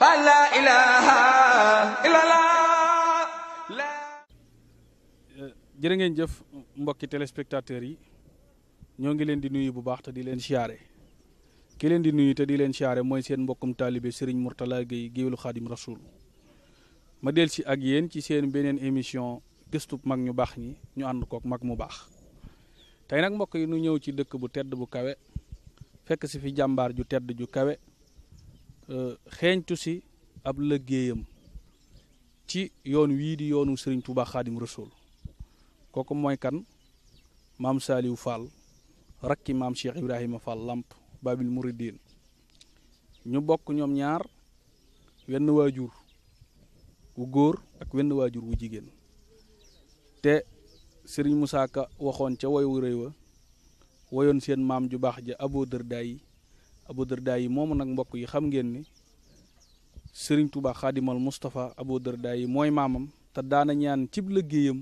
jërë ngeen jëf mbokki téléspectateurs yi ñoo ngi leen di nuyu bu baax te di leen siyaare ki leen di nuyu te di leen siyaare mooy seen mbokkum taalibe Serigne Mourtala Gueye géwélu Xaadim Rasoul ma del si ak yéen ci seen beneen émission gëstub mag ñu baax ñi ñu ànd kook mag mu baax tey nag mbokk yi nu ñëw ci dëkk bu tedd bu kawe fekk si fi jàmbaar ju tedd ju kawe Euh, xeeñtu si ab liggéeyam ci yoon wii di yoonu Serigne Touba Khadim Rasoul kooku mooy kan maam Saliou Fall rakki maam Cheikh Ibrahima Fall Lamp Babil Mouridine ñu bokk ñoom ñaar wenn waajur wu góor ak wenn waajur wu jigéen te sëriñ Moussa waxoon ca woy wu rëy wa woyoon seen maam ju baax ja Aboo Dërdaay Abu Darda yi moomu nag mbokk yi xam ngeen ni sëriñ Touba xaadimal Moustapha Abu Darda yi mooy maamam te daana ñaan cib liggéeyam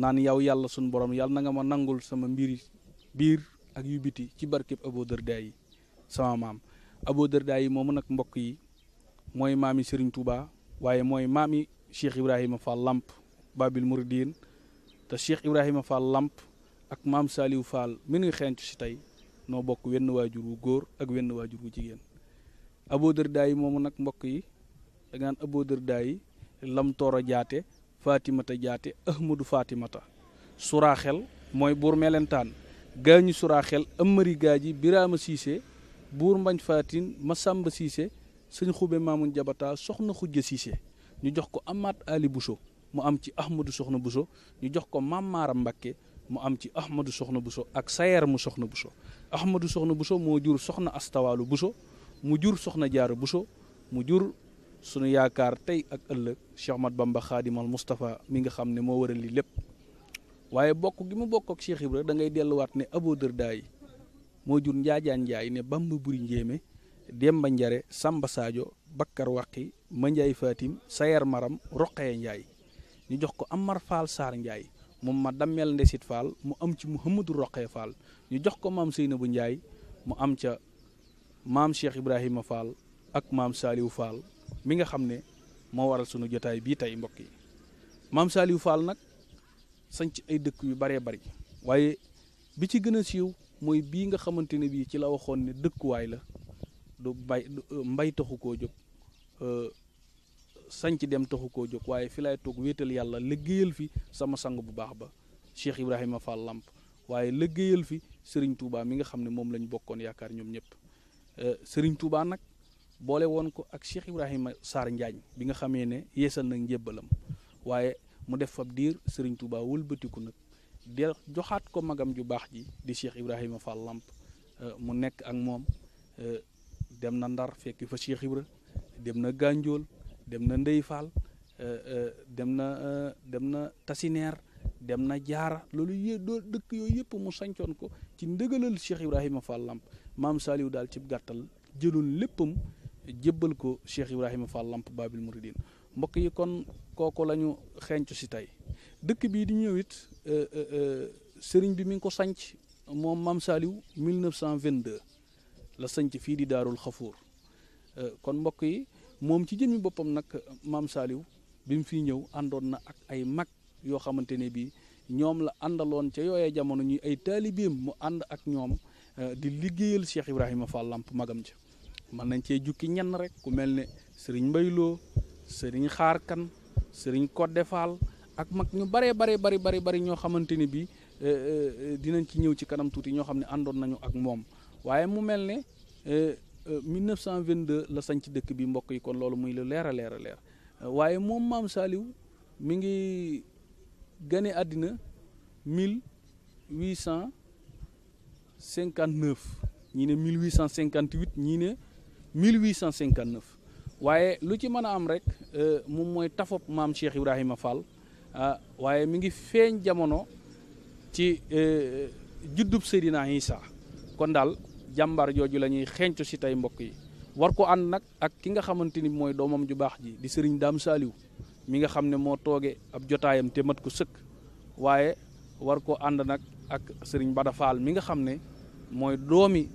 naan yow yàlla sunu borom yàlla na nga ma nangul sama mbiri biir ak yu biti ci barkeb aboo Darda yi sama maam Abu Darda yi moomu nag mbokk yi mooy maami sëriñ Touba waaye mooy maami Cheikh Ibrahima Fall Lamp Babil Mouridine te Cheikh Ibrahima Fall làmp ak maam Saliou Fall mi ngi xeeñtu ci tey noo bokk wenn waajur wu góor ak wenn waajur wu jigéen Abou Darda yi moomu nag mbokk yi da nga naan Abou Darda yi Lamtooro Jaate Fatimata Jaate Ahmadu faatimata suraaxel mooy buur mellentaan gaañu suraaxel amari gaaji Biraama Siise buur mbañ Fatin Masamba Siise sëñ xube Maamun Jabata soxna xujja Siise ñu jox ko Amaat Ali Bousso mu am ci Ahmadu soxna Bousso ñu jox ko Mamaara Mbakke mu am ci ahmadu soxna buso ak sayer mu soxna buso ahmadu soxna buso moo jur soxna astawaalu buso mu jur soxna jaara buso mu jur sunu yaakaar tey ak ëllëg Cheikh Ahmad Bamba xaadimal Moustapha mi nga xam ne moo waral lii lépp waaye bokk gi mu bokk ak Cheikh Ibra da ngay delluwaat ne Aboo Dërdaay moo jur Njaajaan Njaay ne Bamba Buri Njéeme Demba Njare Samba Sadio Bakkar Waqi Manjaay Fatim Sayar Maram Roqee Njaay ñu jox ko Amar Faal Saar Njaay moom ma dammel ndesit faal mu am ci Muhammadu Roqee Faal ñu jox ko maam bu Njaay mu am ca maam Cheikh Ibrahima Faal ak maam Saaliwu Faal mi nga xam ne moo waral sunu jotaay bii tey mbokk yi maam Saaliwu Faal nag sanc ay dëkk yu baree bari waaye bi ci gën a siiw mooy bii nga xamante ne bii ci la waxoon ne dëkkuwaay la du bay euh, mbay taxu koo jóg euh, sañ ci dem taxu koo jóg waaye fi laay toog wéetal yàlla liggéeyal fi sama sang bu baax ba Cheikh Ibrahima Fall Lamp waaye liggéeyal fi Serigne Touba mi nga xam ne moom lañ bokkoon yaakaar ñoom ñëpp euh, Serigne Touba nag boole woon ko ak Cheikh Ibrahima Sarr Njaañ bi nga xamee ne yeesal nag njébbalam waaye mu def fab diir sëriñ Touba wëlbatiku nag del joxaat ko magam ju baax ji di Cheikh Ibrahima Fall Lamp euh, mu nekk ak moom euh, dem na Ndar fekk fa Cheikh Ibra dem na Gànjool dem na Ndeye Fall euh, euh, dem na euh, dem na Tasineer dem na Jaara loolu yë doo dëkk yooyu yëpp mu sancoon ko ci ndëgalal Cheikh Ibrahima Fall Lamp maam Saliou daal ci gàttal jëloon léppam jébbal ko Cheikh Ibrahima Fall Lamp Babil Mouridine mbokk yi kon kooku lañu ñu si tey dëkk bii di ñëw it sëriñ bi mi ngi ko sanc moom maam Saliou 1922 la sanc fii di Daarul Xafour kon mbokk yi. moom ci jëmmi boppam nag maam Saliou bi mu fi ñëw àndoon na ak ay mag yoo xamante ne bii ñoom la àndaloon ca yooyee jamono ñuy ay taalibeem mu ànd ak ñoom eh, di liggéeyal Cheikh Ibrahima Fall Lamp magam ca mën nañ cee jukki ñenn rek ku mel ne sëriñ Mbayloo sëriñ kan sëriñ Codé Fall ak mag ñu baree bare bari bari bari ñoo xamante ne bii eh, eh, dinañ ci ñëw ci kanam tuuti ñoo xam ne àndoon nañu ak moom waaye mu mel ne 1922 euh, la sanc dëkk bi mbokk yi kon loolu muy lu leer a leer euh, waaye moom maam saaliw mi ngi gane àddina 1859 ñii ne 1858 ñii ne 1859 waaye lu ci mën a am rek euh, moom mooy tafop maam Cheikh Ibrahima Fall ah waaye mi ngi feeñ jamono ci juddub Seydina Isa kon daal. jàmbaar jooju la ñuy xencu si tey mbokk yi war ko ànd nag ak ki nga xamante ni mooy doomam ju baax ji di sëriñ daam saaliw mi nga xam ne moo tooge ab jotaayam te mat ko sëkk waaye war ko ànd nag ak sëriñ Bada Fall mi nga xam ne mooy doomi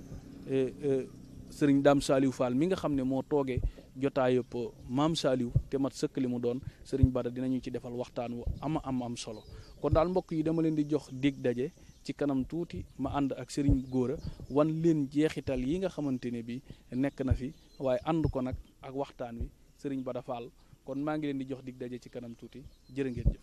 eh, eh, sëriñ daam saaliw Fall mi nga xam ne moo tooge jotaay yëpp eh, maam saaliw te mat sëkk li mu doon sëriñ Bada dinañu ci defal waxtaan wu ama am am solo kon daal mbokk yi dama leen di jox dig daje ci kanam tuuti ma ànd ak sëriñ Gora wan leen jeexital yi nga xamante ne bi nekk na fi waaye ànd ko nag ak waxtaan wi Serigne Bada Fall kon maa ngi leen di jox digg daje ci kanam tuuti jërë ngeen jëf.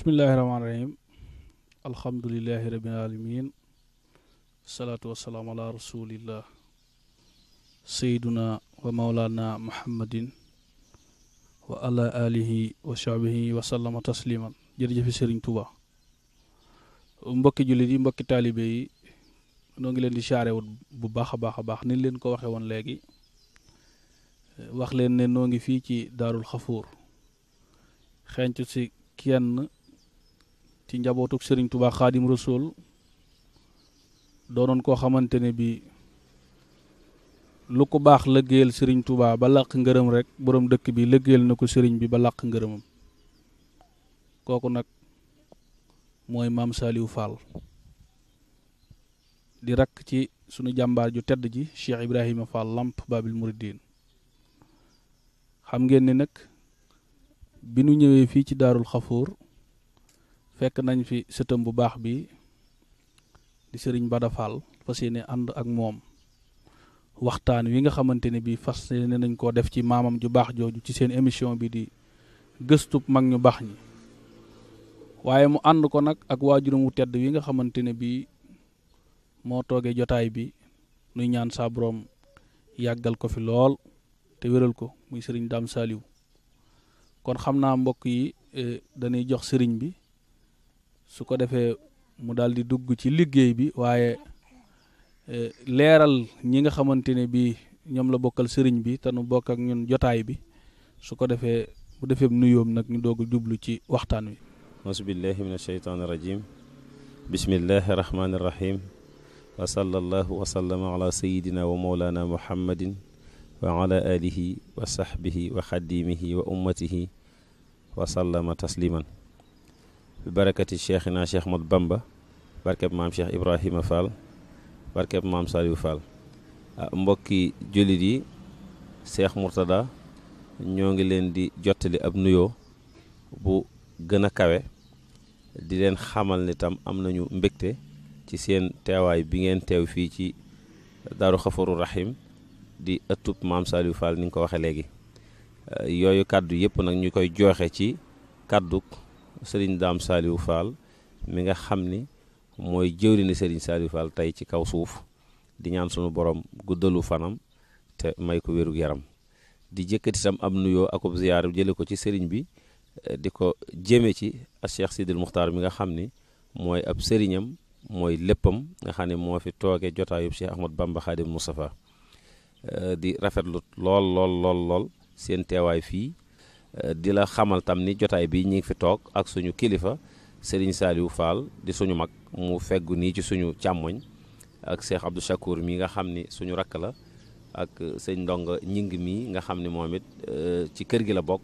bismillahi rahmaani rahim alhamdulilahi rabil alamin wasalaatu wasalaamu ala rasulillah sayduna wa maulana muhammadin wa ala alihi wa sahbihi wa sallama tasliman jërëjëfe tuba mbokki jullit yi mbokki taalibe yi noo ngi leen di chaarewut bu baax a baax a baax ni leen ko waxe woon léegi wax leen ne noo ngi fii ci daarul xafuur xencu si kenn ci njabootuk sëriñ Tuubaa Xaadim Rasuul doonoon koo xamante ne bi lu ko baax lëggéeyal sëriñ Tuubaa ba làq ngërëm rek boroom dëkk bi lëggéeyal na ko sëriñ bi ba làq ngërëmam kooku nag mooy maam Saliou Fall di rakk ci sunu jàmbaar ju tedd ji Cheikh Ibrahima Fall Lamp Babil Mouridine xam ngeen ni nag bi nu ñëwee fii ci daarul xafoor fekk nañ fi sëtëm bu baax bi di sëriñ Bada Fall fas ànd ak moom waxtaan wi nga xamante ne bi fas yéene nañ koo def ci maamam ju baax jooju ci seen émission bi di gëstu mag ñu baax ñi waaye mu ànd ko nag ak waajuram wu tedd wi nga xamante ne bi moo toogee jotaay bi nuy ñaan saa yàggal ko fi lool te wéral ko muy sëriñ Dame Saliou kon xam naa mbokk yi eh, dañuy jox sëriñ bi su ko defee mu daal di dugg ci liggéey bi waaye e, leeral ñi nga xamante ne bii ñoom la bokkal sëriñ bi te nu bokk ak ñun jotaay bi su ko defee bu defee nuyoom nag ñu doog a jublu ci waxtaan wi masbillahi min asheytaani rajim bismillahi rahmaani rahim wa sallallahu wa sallama ala sayidina wa mawlana muhammadin wa ala alihi wa sahbihi wa xadimihi wa ummatihi wa sallama tasliman bi barakati cheikhina cheikh Mat Bamba barkeb maam cheikh Ibrahima Fall barkeb maam Saliou Fall ah, mbokki jullit yi cheikh Mourtada ñoo ngi leen di jottali ab nuyoo bu gën a kawe di leen xamal ni tam am nañu mbégte ci seen teewaay bi ngeen teew fii ci Daaru Xafaru Rahim di ëttub maam Saliou Fall ni nga ko waxee léegi ah, yooyu kàddu yépp nag ñu koy jooxe ci kàdduk sëriñ daam saaliwu Fall mi nga xam ni mooy jëwriñu sëriñ Saliou Fall tey ci kaw suuf di ñaan sunu borom guddalu fanam te may ko wérug yaram di jëkkati tam am nuyoo akub ziyaar jële ko ci sëriñ bi eh, di ko jéeme ci Cheikh Sidil Muxtaar mi nga xam ni mooy ab sëriñam mooy léppam nga xam ne moo fi toogee jotaayub Cheikh Ahmad Bamba Xaadim Moustapha eh, di rafetlu lool lool lool lool seen teewaay fii Euh, di la xamal tam ni jotaay bi ñi ngi fi toog ak suñu kilifa Serigne Saliou Fall di suñu mag mu feggu nii ci suñu càmmoñ ak Cheikh Abdou Chakour mii nga xam ni suñu rakk la ak euh, sëñ Ndonga ñing mii nga xam ni moom it euh, ci kër gi la bokk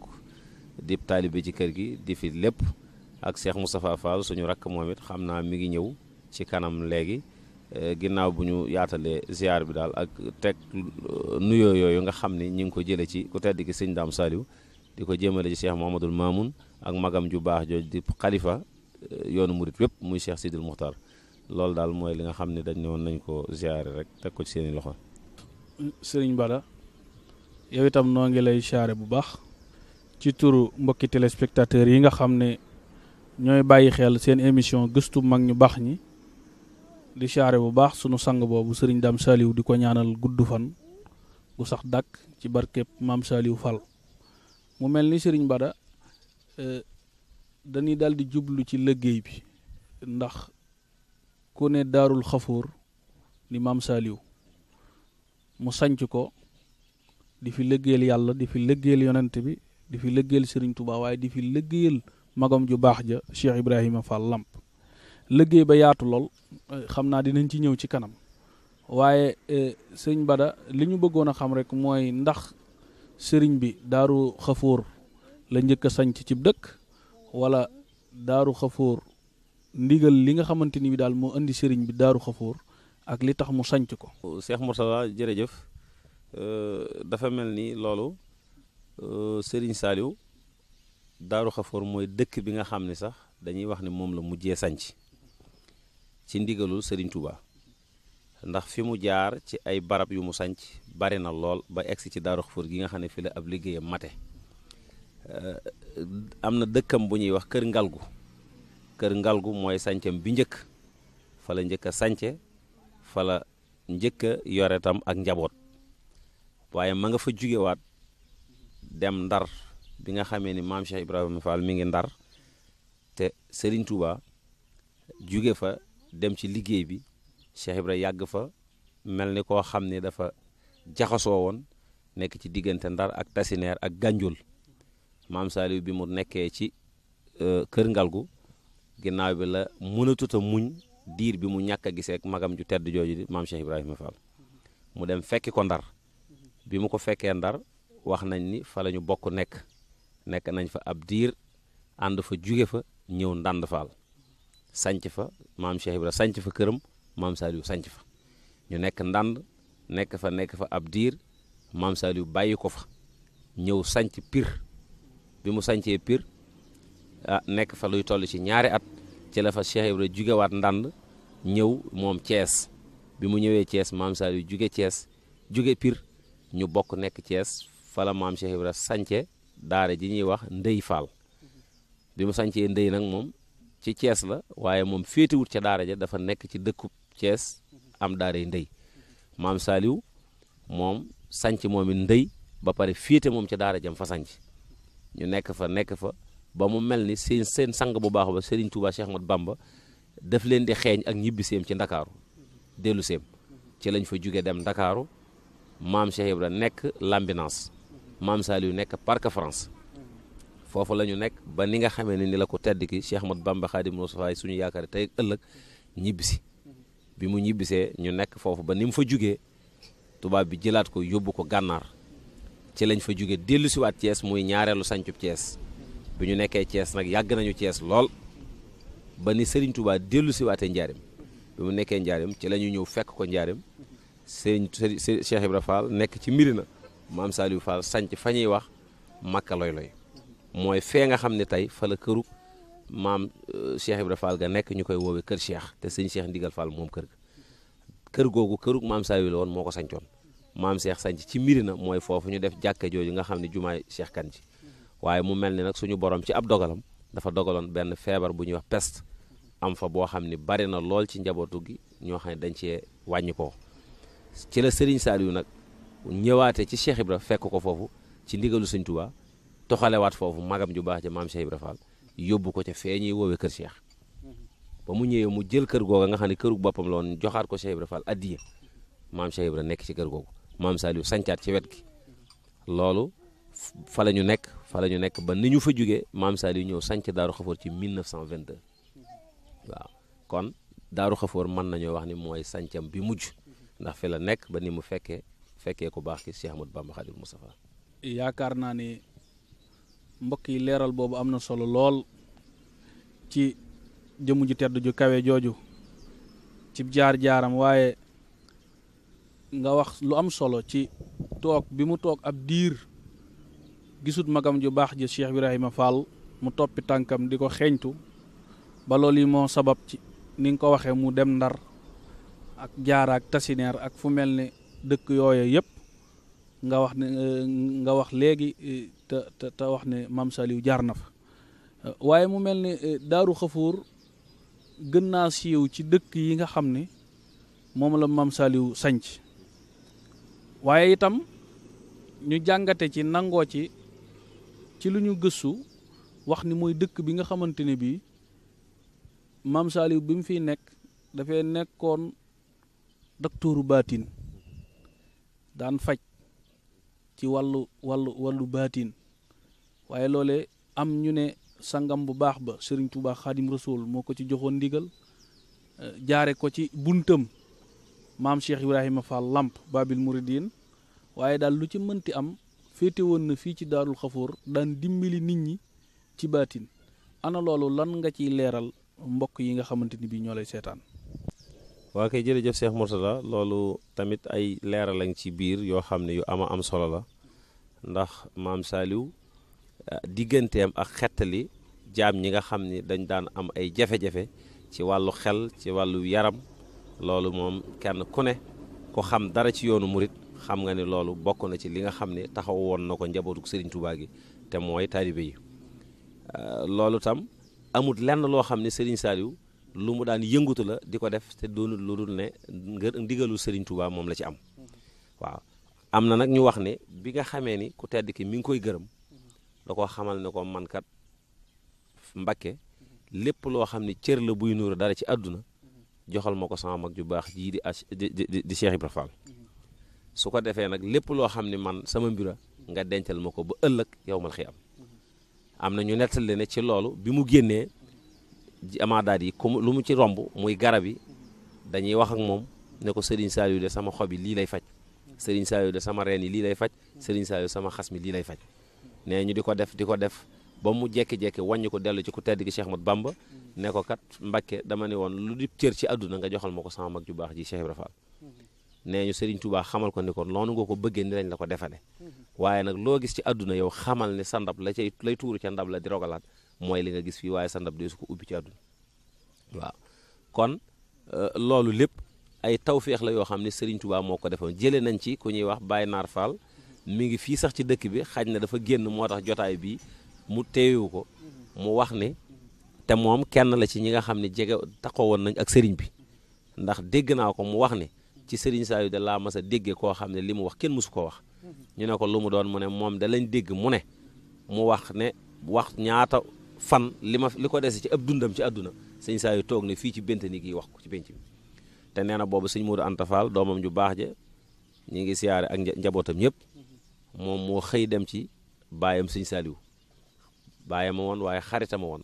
di taalibe ci kër gi di fi lépp ak seex Moustapha Fall suñu rakk moom it xam naa mi ngi ñëw ci kanam léegi ginnaaw bu ñu yaatalee ziar bi daal ak teg nuyoo yooyu nga xam ni ñi ngi ko jëlee ci ku tedd ki sëñ Dame saaliw di ko jëmale ci Cheikh Mouhamadul Mamoun ak magam ju baax jooju di xalifa eh, yoonu murit wépp muy Cheikh Sidil Muxtaar loolu daal mooy li nga xam ne dañ ne woon nañ ko ziare rek teg ko ci seeni loxo. Sëriñ Bada yow itam noo ngi lay ziare bu baax ci turu mbokki téléspectateurs yi nga xam ne ñooy bàyyi xel seen émission gëstu mag ñu baax ñi di ziare bu baax sunu sang boobu Sëriñ Dame Saliou di ko ñaanal gudd fan gu sax dàkk ci barkeb Maam Saliou Fall. mu mel ni sëriñ Bada euh, dañuy daal di jublu ci liggéey bi ndax ko ne daarul xafoor ni maam Saliou mu sanc ko di fi liggéeyal yàlla di fi liggéeyal yonent bi di fi liggéeyal sëriñ tubaa waaye di fi liggéeyal magam ju baax ja Cheikh Ibrahima Fall làmp liggéey ba yaatu lool euh, xam naa dinañ ci ñëw ci kanam waaye euh, sëñ Bada li ñu bëggoon a xam rek mooy ndax sëriñ bi daaru xafoor la njëkk a sanc cib dëkk wala daaru xafoor ndigal li nga xamante ni bi daal moo indi sëriñ bi daaru xafoor ak li tax mu sanc ko Cheikh Mourtada jërëjëf euh, dafa mel ni loolu euh, sëriñ Saliou daaru xafoor mooy dëkk bi nga xam ne sax dañuy wax ne moom la mujjee sanc ci ndigalul sëriñ Touba ndax fi mu jaar ci ay barab yu mu sañc bari na lool ba egsi ci Daaru Xafoor gi nga xam ne fi la ab liggéeyam mate euh, am na dëkkam bu ñuy wax kër ngalgu kër ngalgu mooy sancam bi njëkk fa la njëkk a sance fa njëkk a yore tam ak njaboot waaye ma nga fa jugewaat dem ndar bi nga xamee ni maam Cheikh Ibrahima Fall mi ngi ndar te Serigne Touba juge fa dem ci liggéey bi Cheikh Ibra yàgg fa mel ni koo xam ne dafa jaxasoo woon nekk ci diggante Ndar ak Tasineer ak Gànjul maam Saliou bi mu nekkee ci euh, kër ngal gu ginnaaw bi la mënatut muñ diir bi mu ñàkk a giseek magam ju tedd jooju di maam Cheikh Ibrahima Fall mu dem fekki ko Ndar bi mu ko fekkee Ndar wax nañ ni fa la ñu bokk nekk nekk nañ fa ab diir ànd fa jóge fa ñëw ndànd faal sanc fa maam Cheikh Ibrahima sanc fa këram maam Saliou sanc fa ñu nekk ndànd nekk fa nekk fa ab diir maam Saliou bàyyi ko fa ñëw sanc piir bi mu sancee piir ah nekk fa luy toll ci ñaari at ci la fa Cheikh jugewaat ndànd ñëw moom Thiès bi mu ñëwee Thiès maam Saliou juge Thiès juge piir ñu bokk nekk Thiès fa la maam Cheikh Ibra sance daara ji ñuy wax Ndey Fall bi mu sancee Ndey nag moom ci Thiès la waaye moom féetiwut ca daara ja dafa nekk ci dëkku Thiès am daaray ndey maam Saliou moom sanc moom it ndey ba pare féete moom ca daara jam fa sanc ñu nekk fa nekk fa ba mu mel ni seen seen sang bu baax ba Serigne Touba Cheikh Ahmad Bamba daf leen di xeeñ ak ñibbi seem ci ndakaaru dellu seem ci lañ fa jóge dem ndakaaru maam Cheikh la nekk Lambinance maam Saliou nekk Parc France foofu la ñu nekk ba ni nga xamee ne ni la ko tedd ki Cheikh Ahmad Bamba Xaadim Mustafaa suñu yaakaar tey ëllëg ñibbisi bi mu ñibbisee ñu nekk foofu ba ni mu fa jóge tubaab bi jëlaat ko yóbbu ko gànnaar ci lañ fa jóge dellu siwaat Thiès muy ñaareelu sancub Thiès bi ñu nekkee Thiès nag yàgg nañu Thiès lool ba ni sëriñ Touba dellu siwaatee njaarim bi mu nekkee njaarim ci la ñu ñëw fekk ko njaarim sëriñ Cheikh Ibra Fall nekk ci Mirina maam Saliou Fall sanc fa ñuy wax Makka Loy Loy mooy fee nga xam ne tey fa la këru maam euh, Cheikh Ibra Fall ga nekk ñu koy woowee kër Cheikh te sëñ Cheikh Ndigal Fall moom kër ga kër googu kërug maam Saawi la woon moo ko sañcoon maam Cheikh sanc ci Mirina mooy foofu ñu def jàkke jooju nga xam ne jumaa Cheikh kan ji waaye mu mel ni nag suñu borom ci ab dogalam dafa dogaloon benn feebar bu ñuy wax peste am fa boo xam ne bari na lool ci njabootu gi ñoo xam ne dañ cee wàññi ko ci la Serigne Saliou nag ñëwaate ci Cheikh Ibra fekk ko foofu ci ndigalu Sëñ Tuubaa toxalewaat foofu magam ju baax ja maam Cheikh Ibra yóbbu ko ca fee ñuy woowee kër Cheikh ba mu ñëwee mu jël kër a nga xam ne këru boppam la woon joxaat ko Cheikh Ibra Fall addiya maam Cheikh Ibra nekk ci kër googu maam Saliou sancaat ci wet gi loolu fa la ñu nekk fa la ñu nekk ba ni ñu fa jógee maam Saliou ñëw sanc Daaru Xafoor ci 1922 waaw kon Daaru Xafoor mën nañoo wax ni mooy sancam bi mujj ndax fi la nekk ba ni mu fekkee fekkee ku baax ki Cheikh Ahmadou Bamba Khadimou Moustapha yaakaar naa ni mbokk yi leeral boobu am na solo lool ci jëmm ju tedd ju kawe jooju ci jaar-jaaram waaye nga wax lu am solo ci toog bi mu toog ab diir gisut magam ju baax ji Cheikh Ibrahima Fall mu toppi tànkam di ko xeeñtu ba loolu yi moo sabab ci ni nga ko waxee mu dem ndar ak jaara ak tasineer ak fu mel ne dëkk yooye yëpp nga wax ne nga wax léegi te te wax ne maam Saliou jaar na fa waaye mu mel ni eh, daaru xafuur gën naa siiw ci dëkk yi nga xam ni moom la maam Saliou sanc waaye itam ñu jàngate ci nangoo ci ci lu ñu gëstu wax ni mooy dëkk bi nga xamante ne bii maam Saliou bi mu fi nekk dafay nekkoon doktooru baatin daan faj ci wàllu wàllu wàllu baatin waaye loole am ñu ne sangam bu baax ba sëriñ Touba Xaadim Rasoul moo ko ci joxoon ndigal euh, jaare ko ci buntam maam Cheikh Ibrahima Fall Lamp Babil Mouridine waaye daal lu ci mënti am féete woon na fii ci daarul xafoor daan dimbali nit ñi ci baatin ana loolu lan nga ciy leeral mbokk yi nga xamante ni bii ñoo lay seetaan. waa kay jërëjëf Cheikh Mourtada loolu tamit ay leeral lañ ci biir yoo xam ne yu ama am solo la ndax maam Saliou ah, digganteem ak xettali jaam ñi nga xam ni dañ daan am ay jafe-jafe ci wàllu xel ci wàllu yaram loolu moom kenn ku ne ku xam dara ci yoonu murit xam nga ne loolu bokk na ci li nga xam ne taxaw woon na ko njabootu Serigne tubaa gi te mooy taalibe yi ah, loolu tam amut lenn loo xam ne Serigne Saliou lu mu daan yëngutu la di ko def te doonul lu dul ne ngër ndigalu Serigne Touba moom la ci am waaw am na nag ñu wax ne bi nga xamee ni ku tedd ki mi ngi koy gërëm da koo xamal ne ko mankat Mbakke lépp loo xam ne cër la buy nuuru dara ci àdduna joxal ma ko sama mag ju baax jii di di di Cheikh su ko defee nag lépp loo xam ne man sama mbira nga dencal ma ko ba ëllëg yow mal xi am am na ñu nettali ne ci loolu bi mu génnee amaadaat yi ku lu mu ci romb muy garab yi dañuy wax ak moom ne ko Serigne Saliou de sama xob yi lii lay faj sëriñ Saliou de sama reen yi lii lay faj Serigne Saliou sama xas mi lii lay faj nee ñu di ko def di ko def ba mu jekki-jekki wàññi ko dellu ci ku tedd gi Cheikh Mat Bamba ne ko kat Mbakke dama ne woon lu di cër ci àdduna nga joxal ma ko sama mag ju baax ji Cheikh Ibra Fall nee ñu Serigne Touba xamal ko ni ko noonu nga ko bëggee ni lañ la ko defale waaye nag loo gis ci àdduna yow xamal ne sa ndab la cay lay tuuru ca ndab la di rogalaat mooy li nga gis fii waaye sa ndab dee su ko ubbi ci àdduna waaw kon euh, loolu lépp ay tawféex la yoo xam ne Serigne Touba moo ko defoon jëlee nañ ci ku ñuy wax Baye Naar Fall mi ngi fii sax ci dëkk bi xaj na dafa génn moo tax jotaay bi mu teewu ko mu wax ne te moom kenn la ci ñi nga xam ne jege woon nañ ak sëriñ bi ndax dégg naa ko mu wax ni ci sëriñ saa Saliou de la sa déggee koo xam ne li mu wax kenn mësu koo wax ñu ne ko lu mu doon mu ne moom da dégg mu ne mu wax ne wax ñaata fan li ma li ko dese ci ab dundam ci àdduna sëñ saa toog ne fii ci Béntani gi wax ko ci benc bi te nee na boobu sëñ Modou Anta doomam ju baax ja ñu ngi siyaare ak njabootam ñëpp moom moo xëy dem ci baayam sëñ Saliou baayam woon waaye xaritama woon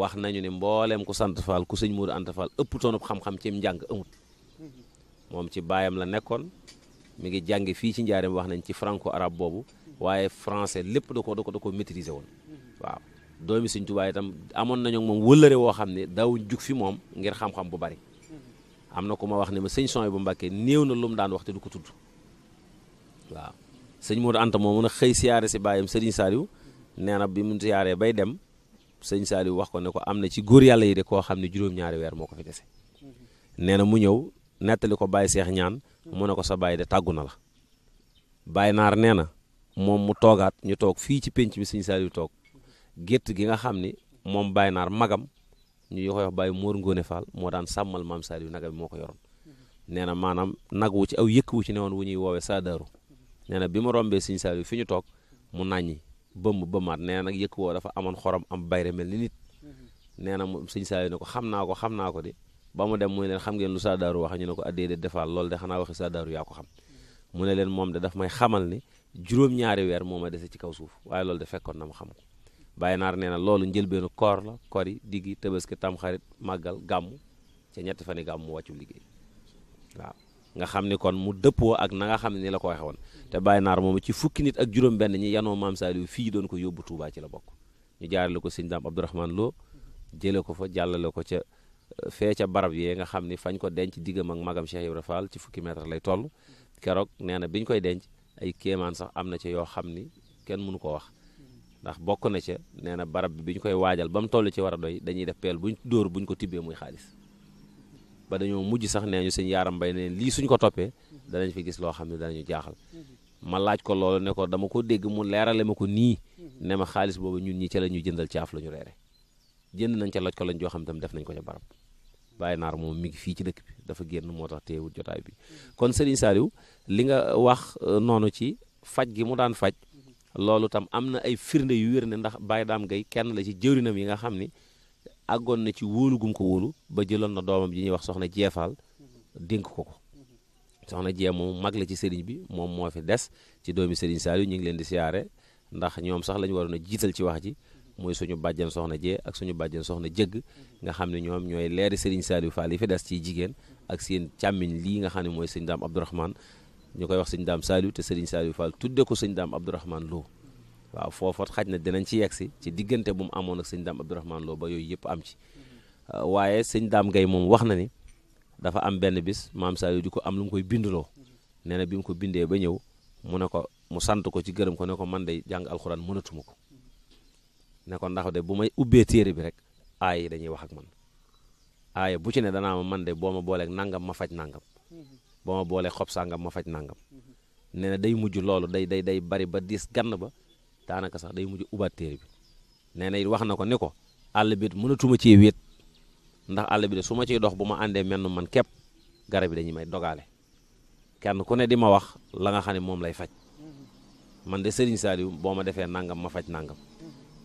wax nañu ne mbooleem ku sant Fall ku sëñ Modou Anta ëpp toonub xam-xam cim njàng amut moom ci baayam la nekkoon mu ngi jàngi fii ci njaareem wax nañ ci franco arabe boobu waaye français lépp da ko da ko da ko maîtriser woon doomi sëñ Tuubaa itam amoon nañu moom wëllëre woo xam ne daawuñ jug fi moom ngir xam-xam bu bari am na ku ma wax ne ma sëñ Sooy bu Mbàkke néew na lu mu daan wax te du ko tudd waaw sëñ Modou Anta moo mën a xëy siyaare si baayam sëriñ saaliw nee na bi mu siyaaree bay dem sëñ Saliou wax ko ne ko am na ci góor yàlla yi de koo xam ne juróom-ñaari weer moo ko fi dese nee na mu ñëw nettali ko Baye Seex ñaan mu ne ko sa baay de tàggu na la Baye Naar nee na moom mu toogaat ñu toog fii ci pénc bi sëñ Saliou toog gétt gi nga xam ni moom Baye Naar magam ñu koy wax Baye ngoone Ngone moo daan sàmmal maam Saliou nag bi moo ko yoroon nee na maanaam nag wu ci aw yëkk wu ci ne woon wu ñuy woowee saadaaru nee na bi mu rombee Sëñ Saliou fi ñu toog mu nàññi bëmm bëmmaat nee na nag yëkk woo dafa amoon xorom am bayre mel ni nit nee na Sëñ Saliou ne ko xam naa ko xam naa ko de ba mu dem mu ne leen xam ngeen lu saadaaru wax ñu ne ko addee ah, de defaal loolu de xanaa waxi xam mu leen moom de daf may xamal ni juróom-ñaari weer moo ma dese ci kaw suuf loolu de fekkoon na ma xam ko Baye Naar nee na loolu njëlbeenu koor la kori diggi tëbaski tamxarit màggal gàmmu ca ñetti fan yi gàmm wàccu liggéey waaw nga xam ni kon mu dëppoo ak na nga xam ne ni la ko waxee woon te Baye Naar moom ci fukki nit ak juróom-benn ñi yanoo maam Saliou fii doon ko yóbbu Touba ci la bokk ñu jaarale ko sëñ Dame Abdourahmane Lo jële ko fa jàllale ko ca euh, fee ca barab yee nga xam ni fañ ko denc diggam ak magam Cheikh Ibra Fall ci fukki mètre lay toll keroog nee na biñ koy denc ay kéemaan sax am na ca yoo xam ni kenn mënu ko wax ndax bokk na ca nee na barab bi bi ñu koy waajal ba mu toll ci war a doy dañuy def peel buñ dóor buñ ko tibbee muy xaalis ba dañoo mujj sax nee ñu sëñ yaaram bay neen lii suñ ko toppee danañu fi gis loo xam ne danañu jaaxal ma laaj ko loolu ne ko dama ko dégg mu leerale ma ko nii ne ma xaalis boobu ñun ñi ca la ñu jëndal caaf la ñu reere jënd nañ ca loj ko lañ joo xam tam def nañ ko ca barab bàyyi naar moom mi ngi fii ci dëkk bi dafa génn moo tax teewul jotaay bi kon Serigne Saliou li nga wax euh, noonu ci faj gi mu daan faj loolu tam am na ay firnde yu wér ne ndax bay daam Gueye kenn la ci jëwrinam yi nga xam ni àggoon na ci wóolu ko wóolu ba jëloon na doomam ji ñuy wax soxna jeefaal dénk ko ko soxna jee moom mag la ci sëriñ bi moom moo fi des ci doomi sëriñ Saliou ñu ngi leen di siyaare ndax ñoom sax la waroon a jiital ci wax ji mooy suñu bàjjan soxna jee ak suñu bàjjan soxna jëgg nga xam ne ñoom ñooy leeri sëriñ Saliou Fall yi fi des ci jigéen ak seen càmmiñ lii nga xam ne mooy sëñ Dame Abdourahmane ñu koy wax sëñ daam Saliou te sëriñ Saliou Fall tudde ko sëñ daam Abdourahman Lo waaw foofa xaj na dinañ ci yegsi ci diggante bu mu amoon ak sëñ daam Abdourahman Lo ba yooyu yëpp am ci euh, waaye sëñ daam ngay moom wax na ni dafa am benn bis maam Saliou di ko am lu mu koy binduloo nee na bi mu ko bindee ba ñëw mu ne ko mu sant ko ci gërëm ko ne ko man day jàng alxuraan mënatuma ko ne ko ndax de bu may ubbee téere bi rek aay dañuy wax ak man aaye bu ci ne danaa ma man de boo ma booleeg nangam ma faj nangam ba ma boolee xob sàngam ma faj nangam nee na day mujj loolu day day day bari ba diis gann ba daanaka sax day mujj ubaat téere bi nee na it wax na ko ni ko àll bi mënatuma ci wéet ndax àll bi de su ma ciy dox bu ma àndee menn man képp garab yi dañu may dogaale kenn ku ne di ma wax la nga xam ne moom lay faj man de Serigne Saliou boo ma defee nangam ma faj nangam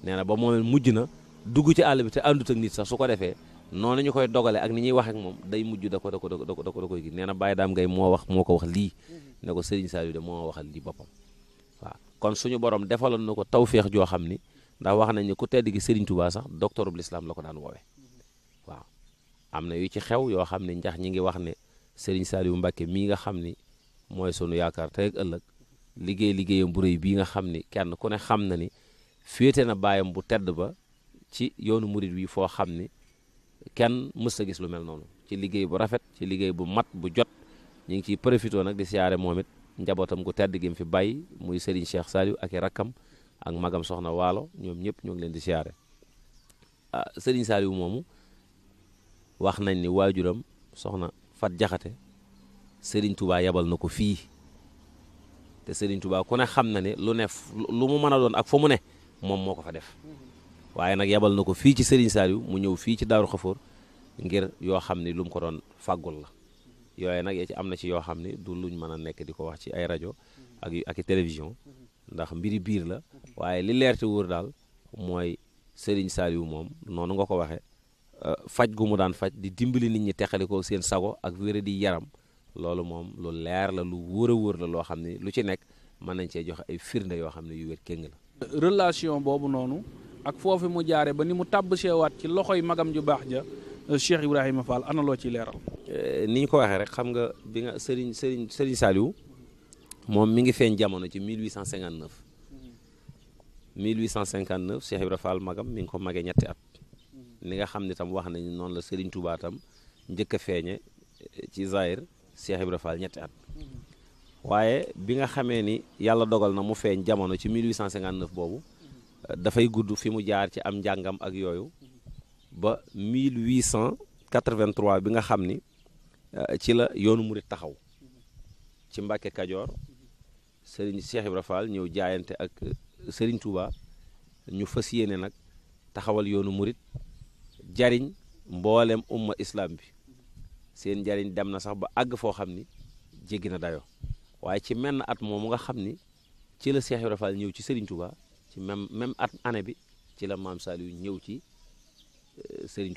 nee na ba moom mujj na dugg ci àll bi te àndut ak nit sax su ko defee noonu ñu koy dogale ak ni ñuy wax ak moom day mujj da ko da ko da ko da ko da koy gis nee na Baye Dame moo wax moo ko wax lii ne ko Serigne Saliou de moo waxal lii boppam waaw kon suñu borom defaloon na ko tawféex joo xam ni ndax wax nañ ne ku tedd gi Serigne Touba sax docteur bu la ko daan woowe waaw na yu ci xew yoo xam ne ndax ñi ngi wax ne Serigne Saliou Mbacke mii nga xam ni mooy sunu yaakaar te ak ëllëg liggéey liggéeyam bu rëy bii nga xam ni kenn ku ne xam na ni féete na baayam bu tedd ba ci yoonu murit wi foo xam ni kenn mës a gis lu mel noonu ci liggéey bu rafet ci liggéey bu mat bu jot ñu ngi ciy profité nag di siyaare moom njabootam gu tedd gi mu fi bàyyi muy Serigne Cheikh Saliou ak i rakkam ak magam soxna waalo ñoom ñëpp ñoo ngi leen di siyaare ah Serigne Saliou moomu wax nañ ni waajuram soxna Fat Jaxate sëriñ tubaa yabal na ko fii te sëriñ tubaa ku ne xam na ne lu ne lu mu mën a doon ak fa mu ne moom moo ko fa def waaye nag yebal na ko fii ci Serigne Saliou mu ñëw fii ci Daaru Xafoor ngir yoo xam ni lu mu ko doon fàggul la yooyu nag ya ci am na ci yoo xam ni du ñu mën a nekk di ko wax ci ay rajo ak ak i télévision ndax mbiri biir la waaye li leerte te wóor daal mooy Serigne Saliou moom noonu nga ko waxee euh, faj gu mu daan faj di dimbali nit ñi teqali ko seen sago ak wére di yaram loolu moom lu leer la lu wóor a wóor la loo xam ni lu ci nekk mën nañ cee joxe ay firnde yoo xam ne yu wér kéng la relation boobu noonu ak foofu mu jaare ba ni mu tàbb seewaat ci loxoy magam ju baax ja euh, Cheikh Ibrahima Fall ana loo ciy leeral. Euh, ni ñu ko waxee rek xam nga bi nga Serigne Serigne Serigne Saliou moom mi ngi feeñ jamono ci 1859 1859 Cheikh Ibrahima Fall magam mi ngi ko magee ñetti at. ni nga xam ne tam wax nañu noonu la Serigne Touba tam njëkk a feeñe euh, ci Zahir Cheikh Ibrahima Fall ñetti at. waaye bi nga xamee ni yàlla dogal na mu feeñ jamono ci 1859 boobu euh, dafay gudd fi mu jaar ci am njàngam ak yooyu ba 1883 bi nga xam ni euh, ci la yoonu murit taxaw ci Mbàkke Kajoor sëriñ Cheikh Ibra ñëw jaayante ak euh, sëriñ Touba ñu fas yéene nag taxawal yoonu murit jariñ mboolem umma islaam bi seen jariñ dem na sax ba àgg foo xam ni jéggi na dayoo waaye ci menn at mu nga xam ni ci la Cheikh Ibra ñëw ci Serigne ci même même at année bi ci la maam Saliou ñëw ci euh, Serigne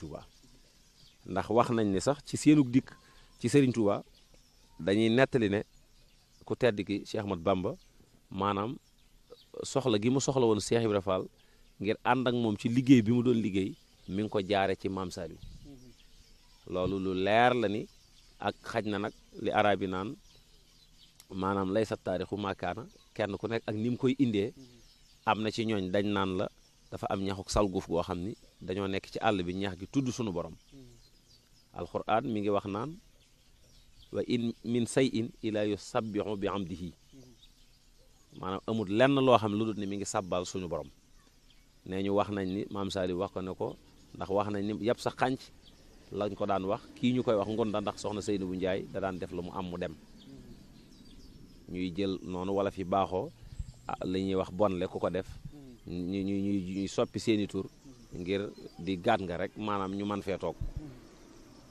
ndax wax nañ ne sax ci seenug dikk ci Serigne dañuy nettali ne ku tedd ki Cheikh Bamba maanaam euh, soxla gi mu soxla woon Cheikh Ibra ngir ànd ak moom ci liggéey bi mu doon liggéey mi ngi ko jaare ci maam Saliou mm-hmm. loolu lu leer la ni ak xaj na nag li arab naan maanaam lay sa taarixu màkkaana kenn ku nekk ak ni mu koy indee am na ci ñooñ dañ naan la dafa am ñaxuk salguuf goo xam ni dañoo nekk ci àll bi ñax gi tudd suñu borom alquran mi ngi wax naan wa in min say in ilaa yu xam bi amdihi maanaam amul lenn loo xam lu dul ni mi ngi sabbal suñu borom nee ñu wax nañ ni maam Saali wax ko ne ko ndax wax nañ ni yàpp sa xànc lañ ko daan wax kii ñu koy wax da ndax soxna Seynabu Njaay da daan def la mu am mu dem ñuy jël noonu wala fi baaxoo ah, la ñuy wax bonle ku ko def ñu ñu ñuy soppi seeni tur ngir di gaat nga rek maanaam ñu man fee toog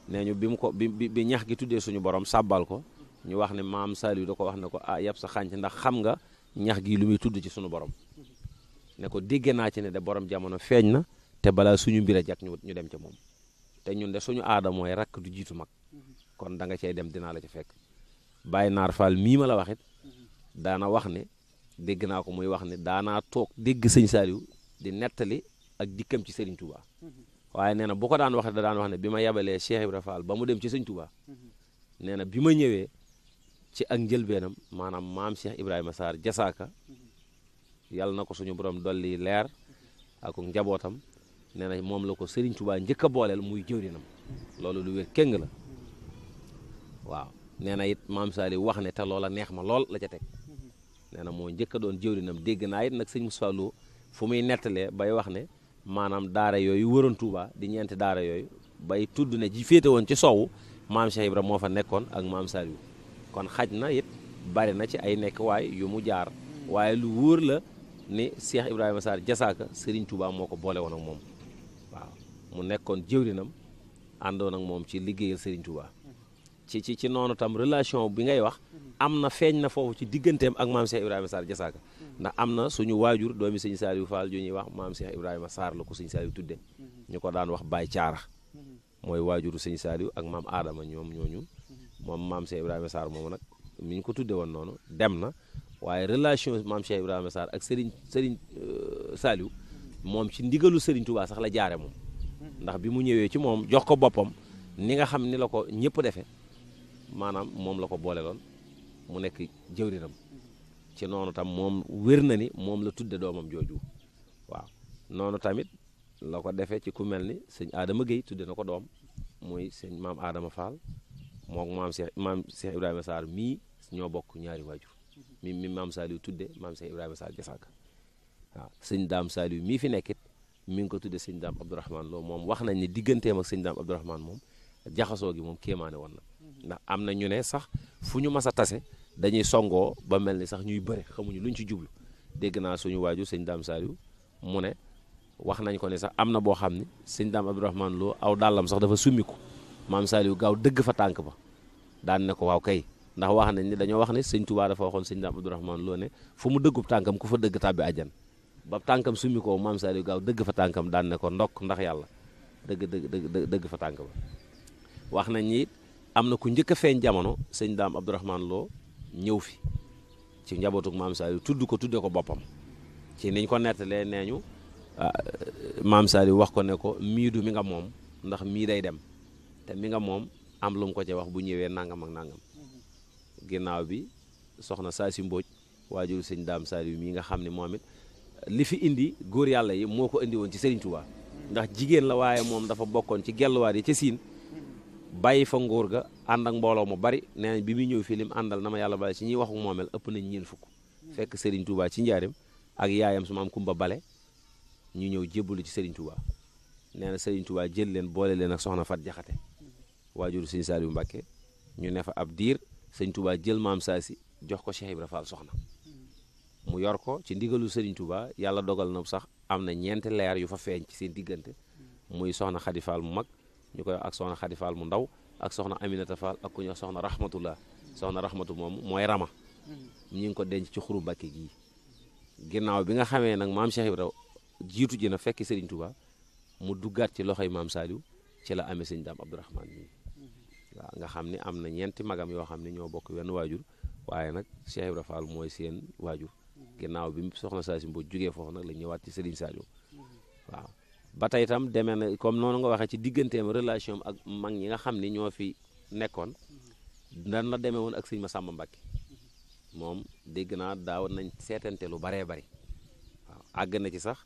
nee ñu bi mu ko bi bi ñax gi tuddee suñu borom sàbbal ko ñu wax ne maam Saliou da ko wax ne ko ah yàpp sa xànc ndax xam nga ñax gi lu muy tudd ci suñu borom ne ko dégge naa ci ne de borom jamono feeñ na te balaa suñu mbir a jag ñu dem ca moom te ñun de suñu aada mooy rakk du jiitu mag kon danga cee dem dinaa la ci fekk bàyyi Naar Fall mii ma la waxit daana wax ne dégg naa ko muy wax ne daanaa toog dégg sëñ Saliou di nettali ak dikkam ci sëriñ Touba waaye nee na bu ko daan wax da daan wax ne bi ma yebalee Cheikh Ibra ba mu dem ci sëñ nee na bi ma ñëwee ci ak njëlbeenam maanaam maam Cheikh Ibrahima Sarr jasaaka yàlla na ko suñu borom dolli leer ak njabootam nee na moom la ko Serigne Touba njëkk a booleel muy jëwrinam loolu lu wér keng la waaw. nee na it maam Saliou wax ne te loola neex ma lool la ca teg nee na moo njëkk a doon jëwrinam dégg naa it nag sëñ Moussa fu muy nettalee bay wax ne maanaam daara yooyu wëroon Touba di ñeenti daara yooyu bay tudd ne ji féete woon ci sow maam Cheikh Ibra moo fa nekkoon ak maam Saliou kon xaj na it bari na ci ay nekk waay yu mu jaar waaye lu wóor la ni Cheikh Ibrahima Sarr jasaaka Serigne Touba moo ko boole woon ak moom waaw mu nekkoon jëwrinam àndoon ak moom ci liggéeyal Serigne Touba. ci ci ci noonu tam relation bi ngay wax am na feeñ na foofu ci digganteem ak maam Cheikh Ibrahima Sarr Jasaaka ndax am na suñu waajur doomi sëñ Saliou Fall ju ñuy wax maam Cheikh Ibrahima Sarr la ko sëñ Saliou tudde ñu ko daan wax Baye Caara mooy waajuru sëñ Saliou ak maam Adama ñoom ñooñu moom maam Cheikh Ibrahima Sarr nag mi ñu ko tuddee woon noonu dem na waaye relation maam Cheikh Ibrahima Sarr ak Serigne Serigne euh, Saliou moom ci ndigalu Serigne Touba sax la jaare moom ndax bi mu ñëwee ci moom jox ko boppam ni nga xam ni la ko ñëpp defee maanaam moom la ko boole loon mu nekk jëwrinam ci noonu tam moom wér na ni moom la tudde doomam jooju waaw noonu tamit la ko defee ci ku mel ni sëñ Adama géey tudde na ko doom mooy sëñ maam Adama Fall moom maam Cheikh maam Cheikh Ibrahima Sarr mii ñoo bokk ñaari waajur mi mi maam Saliou tudde maam Cheikh Ibrahima Sarr Diasaka waaw sëñ Daam Saliou mii fi nekkit mi ngi ko tudde sëñ Daam Abdourahmane Lo moom wax nañ ne digganteem ak sëñ Daam Abdourahmane moom jaxasoo gi moom kéemaane woon na ndax am na ñu ne sax fu ñu mas a tase dañuy songoo ba mel ni sax ñuy bëre xamuñu luñ ci jublu dégg naa suñu waajur sëñ daam Saliou mu ne wax nañ ko ne sax am na boo xam ni sëñ daam Abdourahmane loo aw dàllam sax dafa summiku maam Saliou gaaw dëgg fa tànk ba daan ne ko waaw kay ndax wax nañ ne dañoo wax ne sëñ Touba dafa waxoon sëñ daam Abdourahmane Lo ne fu mu dëggub tànkam ku fa dëgg tàbbi àjjan ba tànkam summi ko maam Saliou gaaw dëgg fa tànkam daan ne ko ndokk ndax yàlla dëgg dëgg dëgg fa tànk ba wax nañ ni am na ku njëkk a feeñ jamono sëñ daam Abdourahman Lo ñëw fi ci njabootuk maam Saliou tudd ko tudde ko boppam ci niñ ko nettalee nee ñu ah, maam Saliou wax ko ne ko mii du mi nga moom ndax mii day dem te mi nga moom am lu mu ko ca wax bu ñëwee nangam ak nangam ginnaaw bi soxna saa si Mbóoj waajur sëñ daam Saliou mii nga xam ne moom it li fi indi góor yàlla yi moo ko indi woon ci Serigne Touba ndax jigéen la waaye moom dafa bokkoon ci gelluwaat yi ca siin bàyyi fa nguur ga ànd ak mbooloo mu bari nee bi muy ñëw fii lim àndal na ma yàlla bale si ñuy waxu moomeel ëpp nañ ñeen fukk fekk Serigne Touba ci njaarim ak yaayam su ma am bale ñu ñëw jébbalu ci Serigne Touba nee na Serigne jël leen boole leen ak soxna Fat Jaxate waajuru Serigne Saliou Mbacke ñu ne fa ab diir Serigne Touba jël maam saa si jox ko Cheikh Ibra Fall soxna mu yor ko ci ndigalu sëriñ Touba yàlla dogal na sax am na ñeenti leer yu fa feeñ ci seen diggante muy soxna Xadi Fall mu mag ñu ko wax ak soxna Xadi Fall mu ndaw ak soxna Aminata Fall ak ku ñuy wax soxna la soxna Rahmatu moom mooy Rama. Mm-hmm. ñu ngi ko denc ci xuru Mbàkke gii. ginnaaw bi nga xamee nag maam Cheikh jiitu ji na fekk Serigne Touba mu duggaat ci loxoy maam Saliou ci la amee sëñ Daam Abdourahmane nga xam ni am na ñeenti magam yoo xam ne ñoo bokk wenn waajur waaye nag Cheikh Ibrahima mooy seen waajur mm-hmm. gannaaw bi soxna saa si mbo jógee foofu nag la ñëwaat ci Serigne Saliou mm-hmm. waaw. ba tey itam demee na comme noonu nga waxee ci digganteem relation ak mag ñi nga xam ni ñoo fi nekkoon nan la demee woon ak sëñ Massamba Mbacke moom dégg naa daaw nañ seetante lu baree bari waaw àgg na ci sax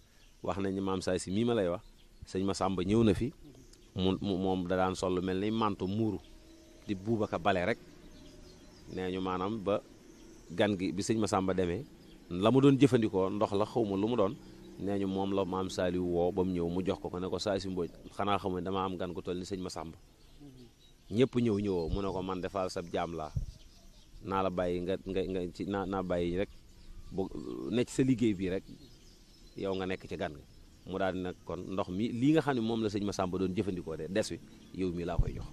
wax nañ maam saay si mii ma lay wax sëñ ma sàmba ñëw na fi mu moom da daan sol lu mel ni manto muuru di buubaka bale rek nee ñu maanaam ba gan gi bi sëñ ma Massamba demee la mu doon jëfandikoo ndox la xaw ma lu mu doon. nee ñu moom la maam Saliou woo ba mu ñëw mu jox ko ko ne ko saa si xanaa xam ne damaa am gan ko toll ni sëñ Massamba ñépp ñëw ñëwoo mu ne ko man defal sab jaam laa naa la bàyyi nga nga nga ci naa bàyyi rek bu nekk sa liggéey bii rek yow nga nekk ci gan mu daal di nag kon ndox mi lii nga xam ne moom la sëñ Massamba doon jëfandikoo de des wi yow mi laa koy jox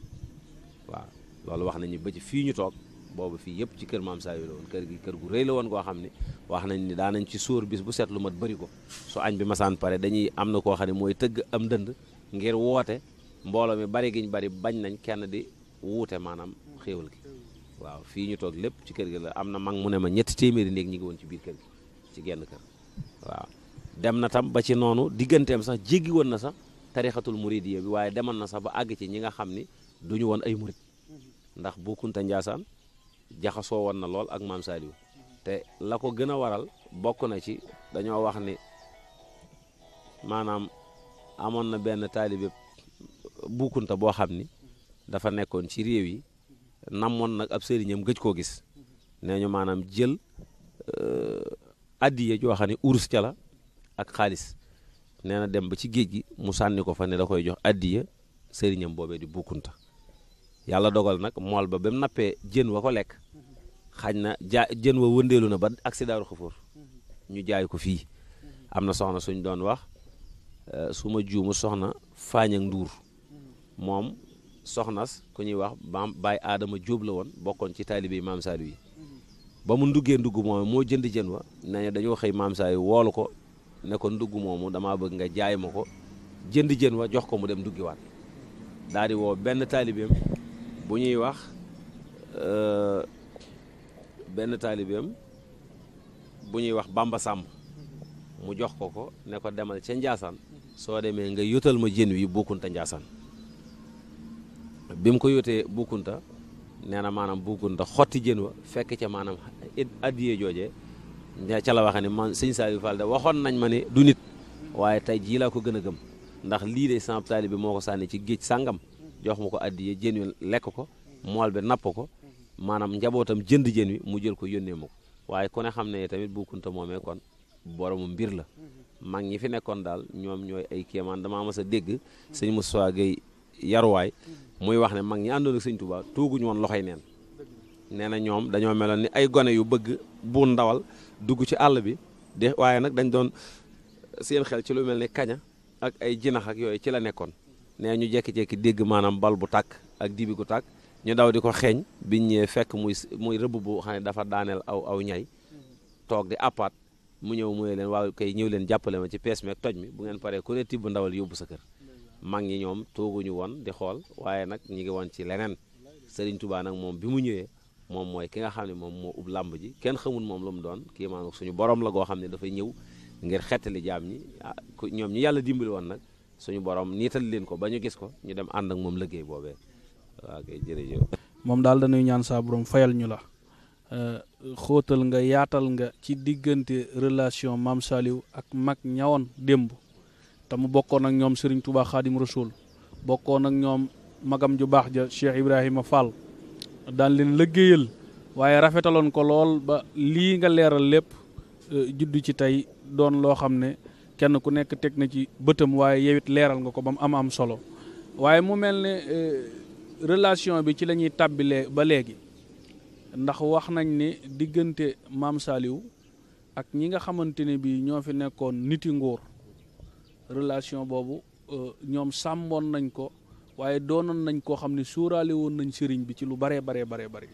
waaw loolu wax nañu ba fii ñu toog boobu fii yëpp ci kër maam Saliou la woon kër gi kër gu rëy la woon koo xam ne wax nañ ni daanañ ci sóor bis bu set lu mat bari ko su añ bi masaan pare dañuy am na koo xam ne mooy tëgg am ndënd ngir woote mbooloo mi bari giñ bari bañ nañ kenn di wuute maanaam xéewal gi waaw fii ñu toog lépp ci kër gi la am na mag mu ne ma ñetti téeméeri néeg ñi ngi woon ci biir kër gi ci genn kër waaw dem na tam ba ci noonu digganteem sax jéggi woon na sax tarixatul muridiya bi waaye demoon na sax ba àgg ci ñi nga xam ni duñu woon ay murid ndax bu kunta jaxasoo woon na lool ak maam Saliou te la ko gën a waral bokk na ci dañoo wax ni maanaam amoon na benn taalibe buukunta boo xam ni dafa nekkoon ci réew yi namoon nag ab sëriñam gëj koo gis nee ñu maanaam jël euh, addiya joo xam ne urus ca la ak xaalis nee na dem ba ci géej gi mu sànni ko fa ne da koy jox addiya sëriñam boobee di buukunta yàlla dogal nag mool ba ba mu nappee jën wa ko lekk xañ na jaa jën wa wëndeelu na ba accident ru xafoor ñu jaay ko fii am na soxna suñ doon wax euh, suma ma juumu soxna faañ nduur moom soxnas ku ñuy wax maam baay aadama jóob la woon bokkoon ci taalibe maam Saliou yi ba mu nduggee ndugg moomu moo jënd jën wa ne dañoo xëy maam Saliou woolu ko ne ko ndugg moomu damaa bëgg nga jaay ma ko jënd jën wa jox ko mu dem duggiwaat daal di woo benn taalibeem bu ñuy wax euh, benn taalibeem bu ñuy wax Bamba sàmb mu jox ko ko ne ko demal ca Njaasaan soo demee nga yotal ma jën wi Bukunta Njaasaan bi mu ko yotee Bukunta nee na maanaam Bukunta xotti jën wa fekk ca maanaam addiye jooje ca la waxe ne man sëñ Saliou Fall de waxoon nañ ma ne du nit waaye tey jii laa ko gën a gëm ndax lii de samp taalibe moo ko sànni ci géej sàngam jox ma ko addiya jën wi lekk ko mool bi napp ko maanaam njabootam jënd jën wi mu jël ko yónnee ma ko waaye ku ne xam ne tamit bu kunta moomee kon boromu mbir la mag ñi fi nekkoon daal ñoom ñooy ay kéemaan damaa mas a dégg sëñ mu Gueye yaruwaay muy wax ne mag ñi àndoon ak sëñ Touba tooguñu woon loxoy neen nee na ñoom dañoo meloon ni ay gone yu bëgg buur ndawal dugg ci àll bi de waaye nag dañ doon seen xel ci lu mel ni kaña ak ay jinax ak yooyu ci la nekkoon nee ñu jekki-jekki dégg maanaam bal bu tàkk ak dibi gu tàkk ñu daw di ko xeeñ bi ñëwee fekk muy muy rëbb bu xam ne dafa daaneel aw aw ñay toog di appaat mu ñëw mu ne leen kay ñëw leen jàppale ma ci pees meeg toj mi bu ngeen paree ku ne tibb ndawal sa kër mag ñi ñoom tooguñu woon di xool waaye nag ñu ngi woon ci leneen Serigne Touba nag moom bi mu ñëwee moom mooy ki nga xam ne moom moo ub làmb ji kenn xamul moom lu mu doon kii maanaam suñu boroom la goo xam ne dafay ñëw ngir xettali jaam ñi ah ñoom ñi yàlla dimbali woon nag suñu borom niital leen ko ba ñu gis ko ñu dem ànd ak moom liggéey boobee waaw kay moom daal dañuy ñaan saa borom ñu la euh, xootal nga yaatal nga ci diggante relation maam Saliou ak mag ñawoon démb te mu bokkoon ak ñoom Serigne Touba Khadim Rasoul bokkoon ak ñoom magam ju baax ja Cheikh Ibrahima Fall daan leen liggéeyal waaye rafetaloon ko lool ba lii nga leeral lépp euh, juddu ci tey doon loo xam ne. kenn ku nekk teg na ci bëtam waaye yow leeral nga ko ba mu am am solo waaye mu mel ne euh, relation bi ci lañuy ñuy ba léegi ndax wax nañ ni diggante maam Saliou ak ñi nga xamante ne bii ñoo fi nekkoon niti nguur relation boobu euh, ñoom sàmmoon nañ ko waaye doonoon nañ koo xam ne suuraale woon nañ sëriñ bi ci lu baree baree baree bare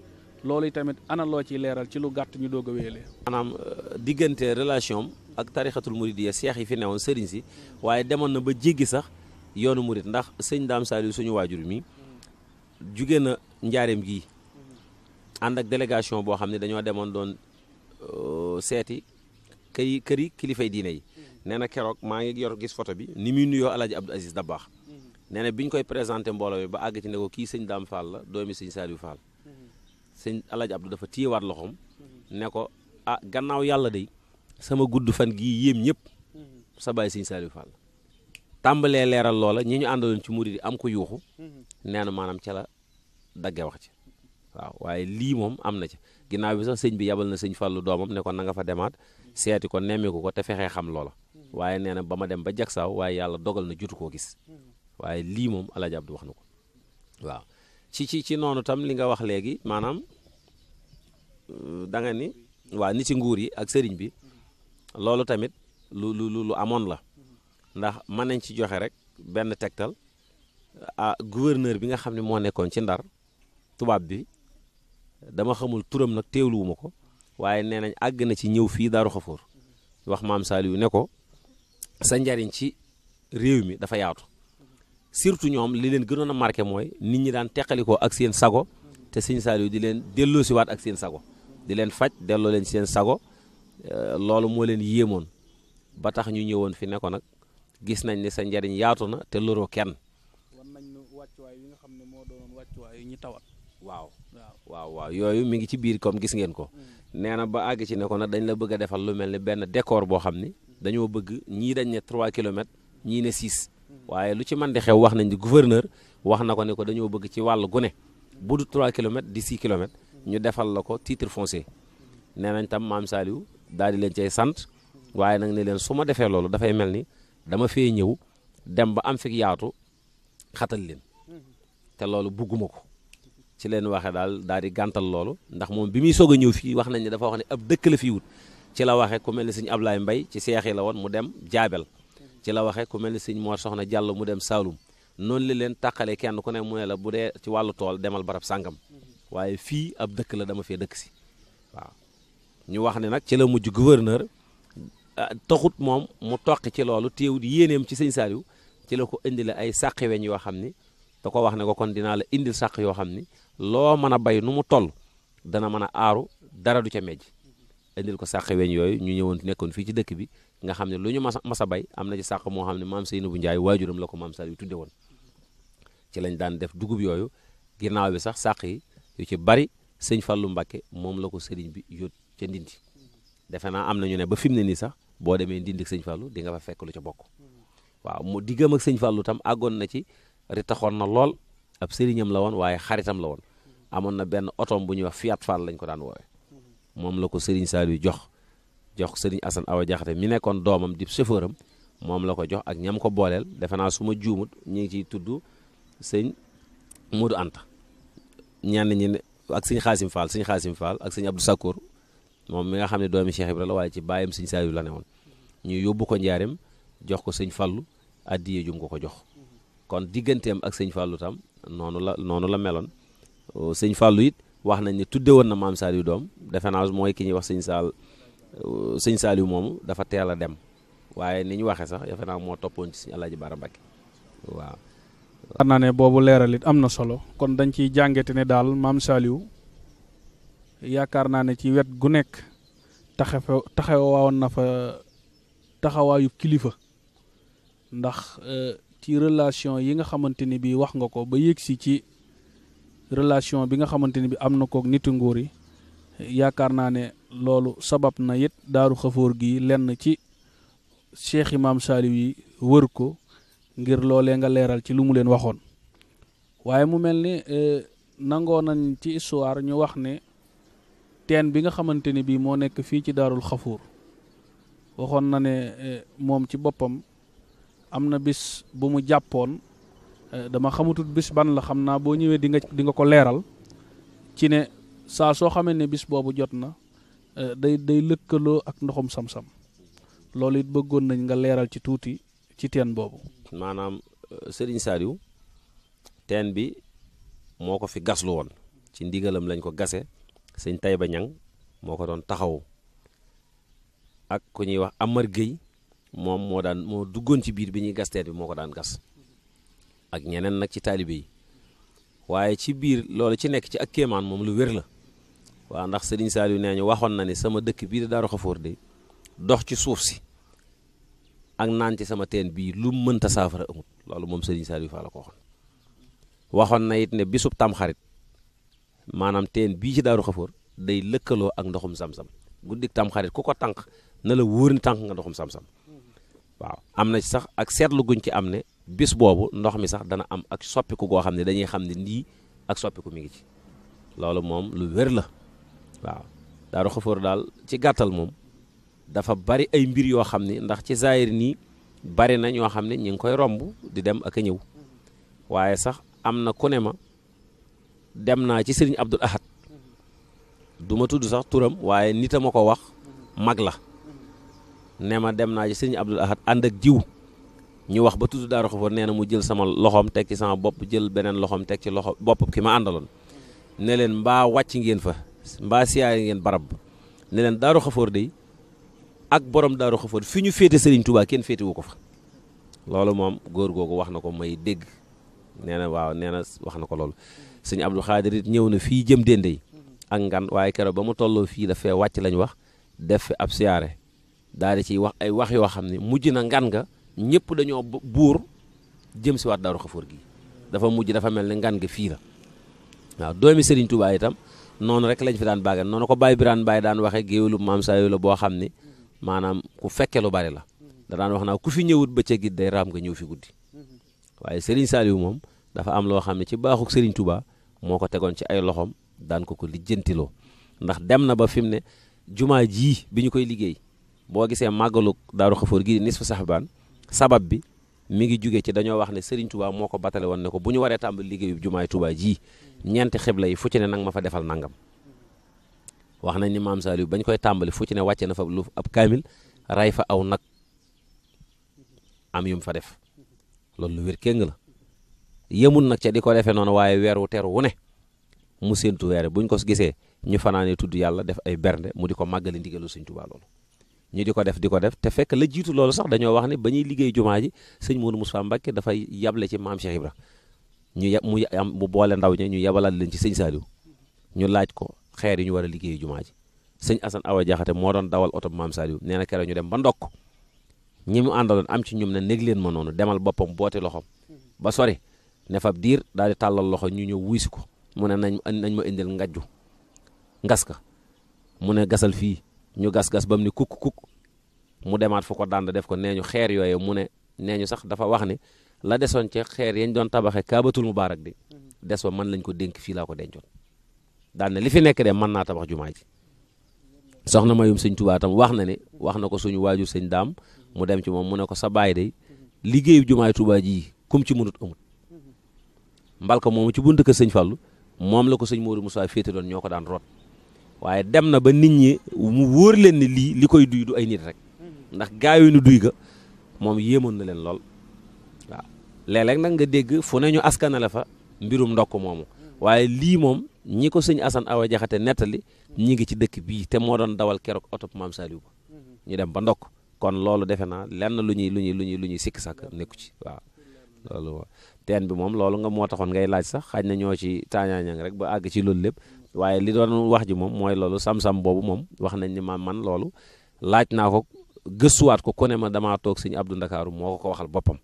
loolu tamit ana loo ci leeral ci lu gàtt ñu doog a wéyalee. maanaam euh, diggante relation ak tarixatul muridiya seex yi fi newoon sëriñ si waaye demoon na ba jéggi sax yoonu murid ndax sëñ daam Saliou suñu waajur mi jugee na njaareem gii ànd ak délégation boo xam ne dañoo demoon doon euh, seeti këy kër yi kilifay diine yi nee na keroog maa ngi yor gis photo bi ni muy nuyoo El Hadj Abdou Aziz Dabakh nee na bi ñu koy présenté mbooloo bi ba àgg ci ne ko kii sëñ daam Fall la doomi sëñ Saliou Fall sëñ El Hadj Abdou dafa téyewaat loxoom ne ko ah gannaaw yàlla de. sama gudd fan gii yéem ñëpp sa bàyyi sëñ Saliou Fall tàmbalee leeral loola ñi ñu àndaloon ci murid yi am ko yuuxu nee na maanaam ca la dagge wax ci waaw waaye lii moom am na ci ginnaaw bi sax sëñ bi yabal na sëñ Fallu doomam ne ko na nga fa demaat seeti ko nemmiku ko te fexee xam loola waaye nee na ba ma dem ba jag saaw waaye yàlla dogal na jutu koo gis waaye lii moom Alaaji Abdu wax na ko waaw ci ci ci noonu tam li nga wax léegi maanaam euh, da nga ni waa ci nguur yi ak sëriñ bi loolu tamit lu lu lu amoon la ndax mën nañ ci joxe rek benn tegtal ah gouverneur bi nga xam ne moo nekkoon ci ndar tubaab bi dama xamul turam nag teewluwuma ko waaye nee nañ àgg na ci ñëw fii Daaru Xafoor wax maam Saliou ne ko sa njariñ ci réew mi dafa yaatu surtout ñoom li leen gënoon a marqué mooy nit ñi daan teqalikoo ak seen sago te sëñ Saliou di leen delloosiwaat ak seen sago di leen faj delloo leen seen sago Euh, loolu moo leen yéemoon ba tax ñu ñëwoon fi nekko nag gis nañ ni sa njariñ yaatu na te loroo kenn. wan nañ ñu wàccuwaay nga xam ne moo doonoon wàccuwaay ñu tawat. waaw waaw waaw yooyu mu ngi ci biir comme gis ngeen ko mm. nee na ba àgg ci ne ko nag dañ la bëgg a defal lu mel ni benn décor boo xam ni dañoo bëgg ñii dañ ne 3 kilomètres ñii ne 6 mm. waaye lu ci man di xew wax nañ di gouverneur wax na ko ne ko dañoo bëgg ci wàll gu ne bu du 3 kilomètres di 6 kilomètres mm. ñu defal la ko titre foncier nee nañ tam maam Saliou daal di leen cay sant waaye nag ni leen su ma defee loolu dafay mel ni dama fee ñëw dem ba am fi yaatu xatal leen te loolu bugguma ko ci leen waxe daal daal di gàntal loolu ndax moom bi muy soog a ñëw fii wax nañ ne dafa wax ne ab dëkk la fi wut ci la waxe ku mel ni sëñ Ablaye Mbay ci seex yi la woon mu dem jaabel ci la waxe ku mel ni sëñ Mor Soxna Jàllo mu dem Saalum noonu li leen tàqalee kenn ku ne mu ne la bu dee ci wàllu tool demal barab sàngam waaye fii ab dëkk la dama fee dëkk si ñu wax ne nag ci la mujj gouverneur ah, taxut moom mu toqi ci loolu téewut yéeneem ci sëñ Saliou ci la ko indi la ay sàq weñ yoo xam ni da ko wax ne ko kon dinaa la indil sàq yoo xam ni loo mën a bay nu mu toll dana mën a aaru dara du ca mejj indil ko sàq weñ yooyu ñu ñëwoon nekkoon fii ci dëkk bi nga xam ne lu ñu mas mas a bay am na ci sàq moo xam ne maam Seynabou Ndiaye waajuram la ko maam Saliou tudde woon ci lañ daan def dugub yooyu ginnaaw bi sax sàq yi yu ci bari sëñ Fallou moom la ko sëriñ bi yót ca ndindi defe naa am na ñu ne ba fi mu ne nii sax boo demee ndindi ak sëñ Fallou di nga fekk lu ca bokk waaw mu diggam ak sëñ Fallou tam àggoon na ci ritaxoon na lool ab sëriñam la woon waaye xaritam la woon amoon na benn otoom bu ñuy wax Fiat Fall lañ ko daan woowee moom la ko sëriñ Saliou jox jox sëriñ Assane Awa Jaxate mi nekkoon doomam di chauffeur moom la ko jox ak ñam ko booleel defe naa su ma juumut ñu ngi ciy tudd sëñ Modou Anta ñenn ñi ne ak sëñ Xaasim Fall sëñ Xaasim Fall ak sëñ Abdou moom mi nga xam ne doomi Cheikh Ibra la waaye ci baayam sëñ Saliou la ne woon ñu yóbbu ko njaareem jox ko sëñ Fallou addiye jum ko ko jox kon digganteem ak sëñ Fallou tam noonu la noonu la meloon euh, sëñ Fallou it wax nañ ne tudde woon na maam Saliou doom defe naa mooy ki ñuy wax sëñ Saal sëñ Saliou moomu dafa teel a dem waaye ni ñu waxee sax defe naa moo toppoon ci sëñ Alaaji Baara Mbàkke waaw. naa ne boobu leeral it am na solo kon dañ ciy jàngate ne daal maam Saliou yaakaar naa ne ci wet gu nekk taxafe taxawaawoon na fa taxawaayu kilifa ndax euh, ci relation yi nga xamante ni bii wax nga ko ba yëg si ci relation bi nga xamante ni bi am na kook nitu nguur yi yaakaar naa ne loolu sabab na it daaru xafoor gi lenn ci cheikh imam Saliou yi wër ko ngir loolee nga leeral ci lu mu leen waxoon waaye mu mel ni euh, nangoo nañ ci histoire ñu wax ne teen bi nga xamante ni bii moo nekk fii ci daarul xafuur waxoon na ne eh, moom ci boppam am na bis bu mu jàppoon eh, dama xamatut bis ban la xam naa boo ñëwee di nga di nga ko leeral ci ne saa soo xamee ne bis boobu jot na eh, day day lëkkaloo ak ndoxum sam-sam loolu it bëggoon nañ nga leeral ci tuuti ci teen boobu maanaam Serigne Saliou teen bi moo ko fi gaslu woon ci ndigalam lañ ko gase sëñ ba Ñang moo ko doon taxaw ak ku ñuy wax Amar Gueye moom moo daan moo duggoon ci biir bi ñuy gas teen bi moo ko daan gas ak ñeneen nag ci taalibe yi waaye ci biir loolu ci nekk ci ak kéemaan moom lu wér la waa ndax sëriñ Saliou nee ñu waxoon na ni sama dëkk bii da Daaru Xafoor de dox ci suuf si ak naan ci sama teen bii lu mënta saafara amut loolu moom sëriñ Saliou Fall la ko waxoon waxoon na it ne bisub tam maanaam teen bii ci daaru xafoor day lëkkaloo ak ndoxum sam-sam guddik tam xarit ku ko tànq na la wóor ni tànq nga ndoxum sam-sam waaw am na ci sax ak seetlu guñ ci am ne bis boobu ndox mi sax dana am ak soppiku goo xam ne dañuy xam ne lii ak soppiku mi ngi ci loolu moom lu wér la waaw daaru xafoor daal ci gàttal moom dafa bari ay mbir yoo xam ne ndax ci zaahir nii bari na ñoo xam ne ñu ngi koy romb di dem ak a ñëw waaye sax am na ku ne ma dem naa ci sëriñ Abdul Ahad du ma tudd sax turam waaye nit a ma ko wax mag la ne ma dem naa ci sëriñ Abdul Ahad ànd ak jiw ñu wax ba tudd Daaru Xafoor nee na mu jël sama loxoom teg ci sama bopp jël beneen loxoom teg ci loxo bopp ki ma àndaloon ne leen mbaa wàcc ngeen fa mbaa siyaay ngeen barab ne leen Daaru Xafoor de ak boroom Daaru Xafoor fi ñu féete sëriñ tubaa kenn féete wu ko fa loolu moom góor googu wax na ko may dégg nee na waaw nee na wax na ko loolu sëñ Abdou Khadir it ñëw na fii jëm déndey ak ngan waaye keroog ba mu tolloo fii dafee wàcc lañu wax def fi ab siyaare daal di ciy wax ay wax yoo xam ne mujj na ngan nga ñëpp dañoo buur jëm si waat daaru xafoor gi dafa mujj dafa mel ne ngan nga fii la waaw doomi Serigne Touba itam noonu rek lañ fi daan bàggan noonu ko Baye Birane Baye daan waxee géewlu maam Saayu la boo xam ni maanaam ku fekkee lu bari la da daan wax naa ku fi ñëwut bëccëg it day raam nga ñëw fi guddi mm-hmm. waaye Serigne moom dafa am loo xam ne ci baaxuk Serigne moo ko tegoon ci ay loxoom daan ko ko lijjantiloo ndax dem na ba fi mu ne jumaa jii bi ñu koy liggéey boo gisee màggalu daaru gi gii nisfu saxbaan sabab bi mi ngi jugee ci dañoo wax ne sëriñ tubaa moo ko batale woon ne ko bu ñu waree tàmbali liggéeyu jumaay Touba ji ñeenti xibla yi fu ci ne nag ma fa defal nangam wax nañ ni maam Saliou bañ koy tàmbali fu ci ne wàcce na fa lu ab kaamil ray fa aw nag am yum fa def loolu lu wér kéng la yemul nag ca di ko defee noonu waaye weer wu teru wu ne mu séentu weer buñ ko gisee ñu fanaanee tudd yàlla def ay bernde mu di ko màggali ndigalu sëñ Tuubaa loolu ñu di ko def di ko def te fekk la jiitu loolu sax dañoo wax ne ba ñuy liggéey jumaa ji sëñ Moodu Mustafaa Mbàkke dafay yable ci maam Cheikh Ibra ñu ya mu am mu boole ndaw ña ñu yabalaat leen ci sëñ ñu laaj ko xeer yi ñu war a liggéey jumaa ji sëñ Asan Awa Jaxate moo doon dawal oto maam Saaliw nee na keroog ñu dem ba ndokk ñi mu àndaloon am ci ñoom ne néeg leen ma noonu demal boppam booti loxom ba sori ne fab diir daal di tàllal loxo ñu ñëw wuy ko mu ne nañ nañ ma indil ngajju ngas ka mu ne gasal fii ñu gas-gas bam mu ne kuk kukk mu demaat fu ko dànd def ko nee ñu xeer yooyu mu ne nee ñu sax dafa wax ni la desoon ca xeer yañ doon tabaxee kaabatul mubaarak de des ba mën lañ ko dénk fii laa ko dencoon daan ne li fi nekk de mën naa tabax jumaa ji soxna mayum sëñ Tuubaa tam wax na ne wax na ko suñu waajur sëñ daam mu dem ci moom mu ne ko sa baay de liggéeyu jumaay Tuubaa mbalka moomu ci buntu kër sëñ Fallou moom la ko sëñ moo Modou Moussa fete doon ñoo ko daan root waaye dem na ba nit ñi mu wóor leen ne lii li koy duy du ay nit rek ndax gaayu nu duy ga moom yéemoon na leen lool waaw léeg nag nga dégg fu ne ñu askanale fa mbirum ndokk moomu waaye lii moom ñi ko sëñ Assane Awa Jaxate nettali ñi ngi ci dëkk bii te moo doon dawal keroog oto maam Saliou ba ñu dem ba ndokk kon loolu defe naa lenn lu ñuy lu ñuy lu ñuy lu ñuy sikk sàkk nekku ci waaw teen bi moom loolu nga moo taxoon ngay laaj sax xaj na ñoo ci taañaañang rek ba àgg ci loolu lépp waaye li doon wax ji moom mooy loolu sam-sam boobu moom wax nañ ni ma man loolu laaj naa ko gëstuwaat ko ku ne ma damaa toog sëñ Abdou Ndakaaru moo ko ko waxal boppam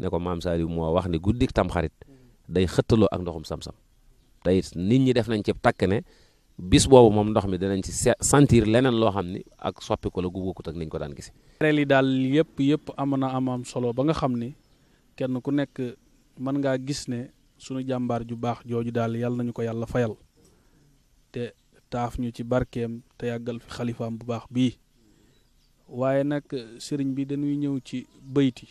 ne ko maam Saliou moo wax ne guddik tamxarit day xëttaloo ak ndoxum sam-sam te it nit ñi def nañ ci takk ne bis boobu moom ndox mi danañ ci sentir leneen loo xam ni ak soppiku la gu bokkut ak niñ ko daan gis. li daal yëpp yëpp am na am am solo ba nga xam ni kenn ku nekk. mën ngaa gis ne sunu jàmbaar ju baax jooju daal yàlla nañu ko yàlla fayal te taaf ñu ci barkeem te yàggal fi xalifaam bu baax bii waaye nag eh, sëriñ bi dañuy ñëw ci bëyti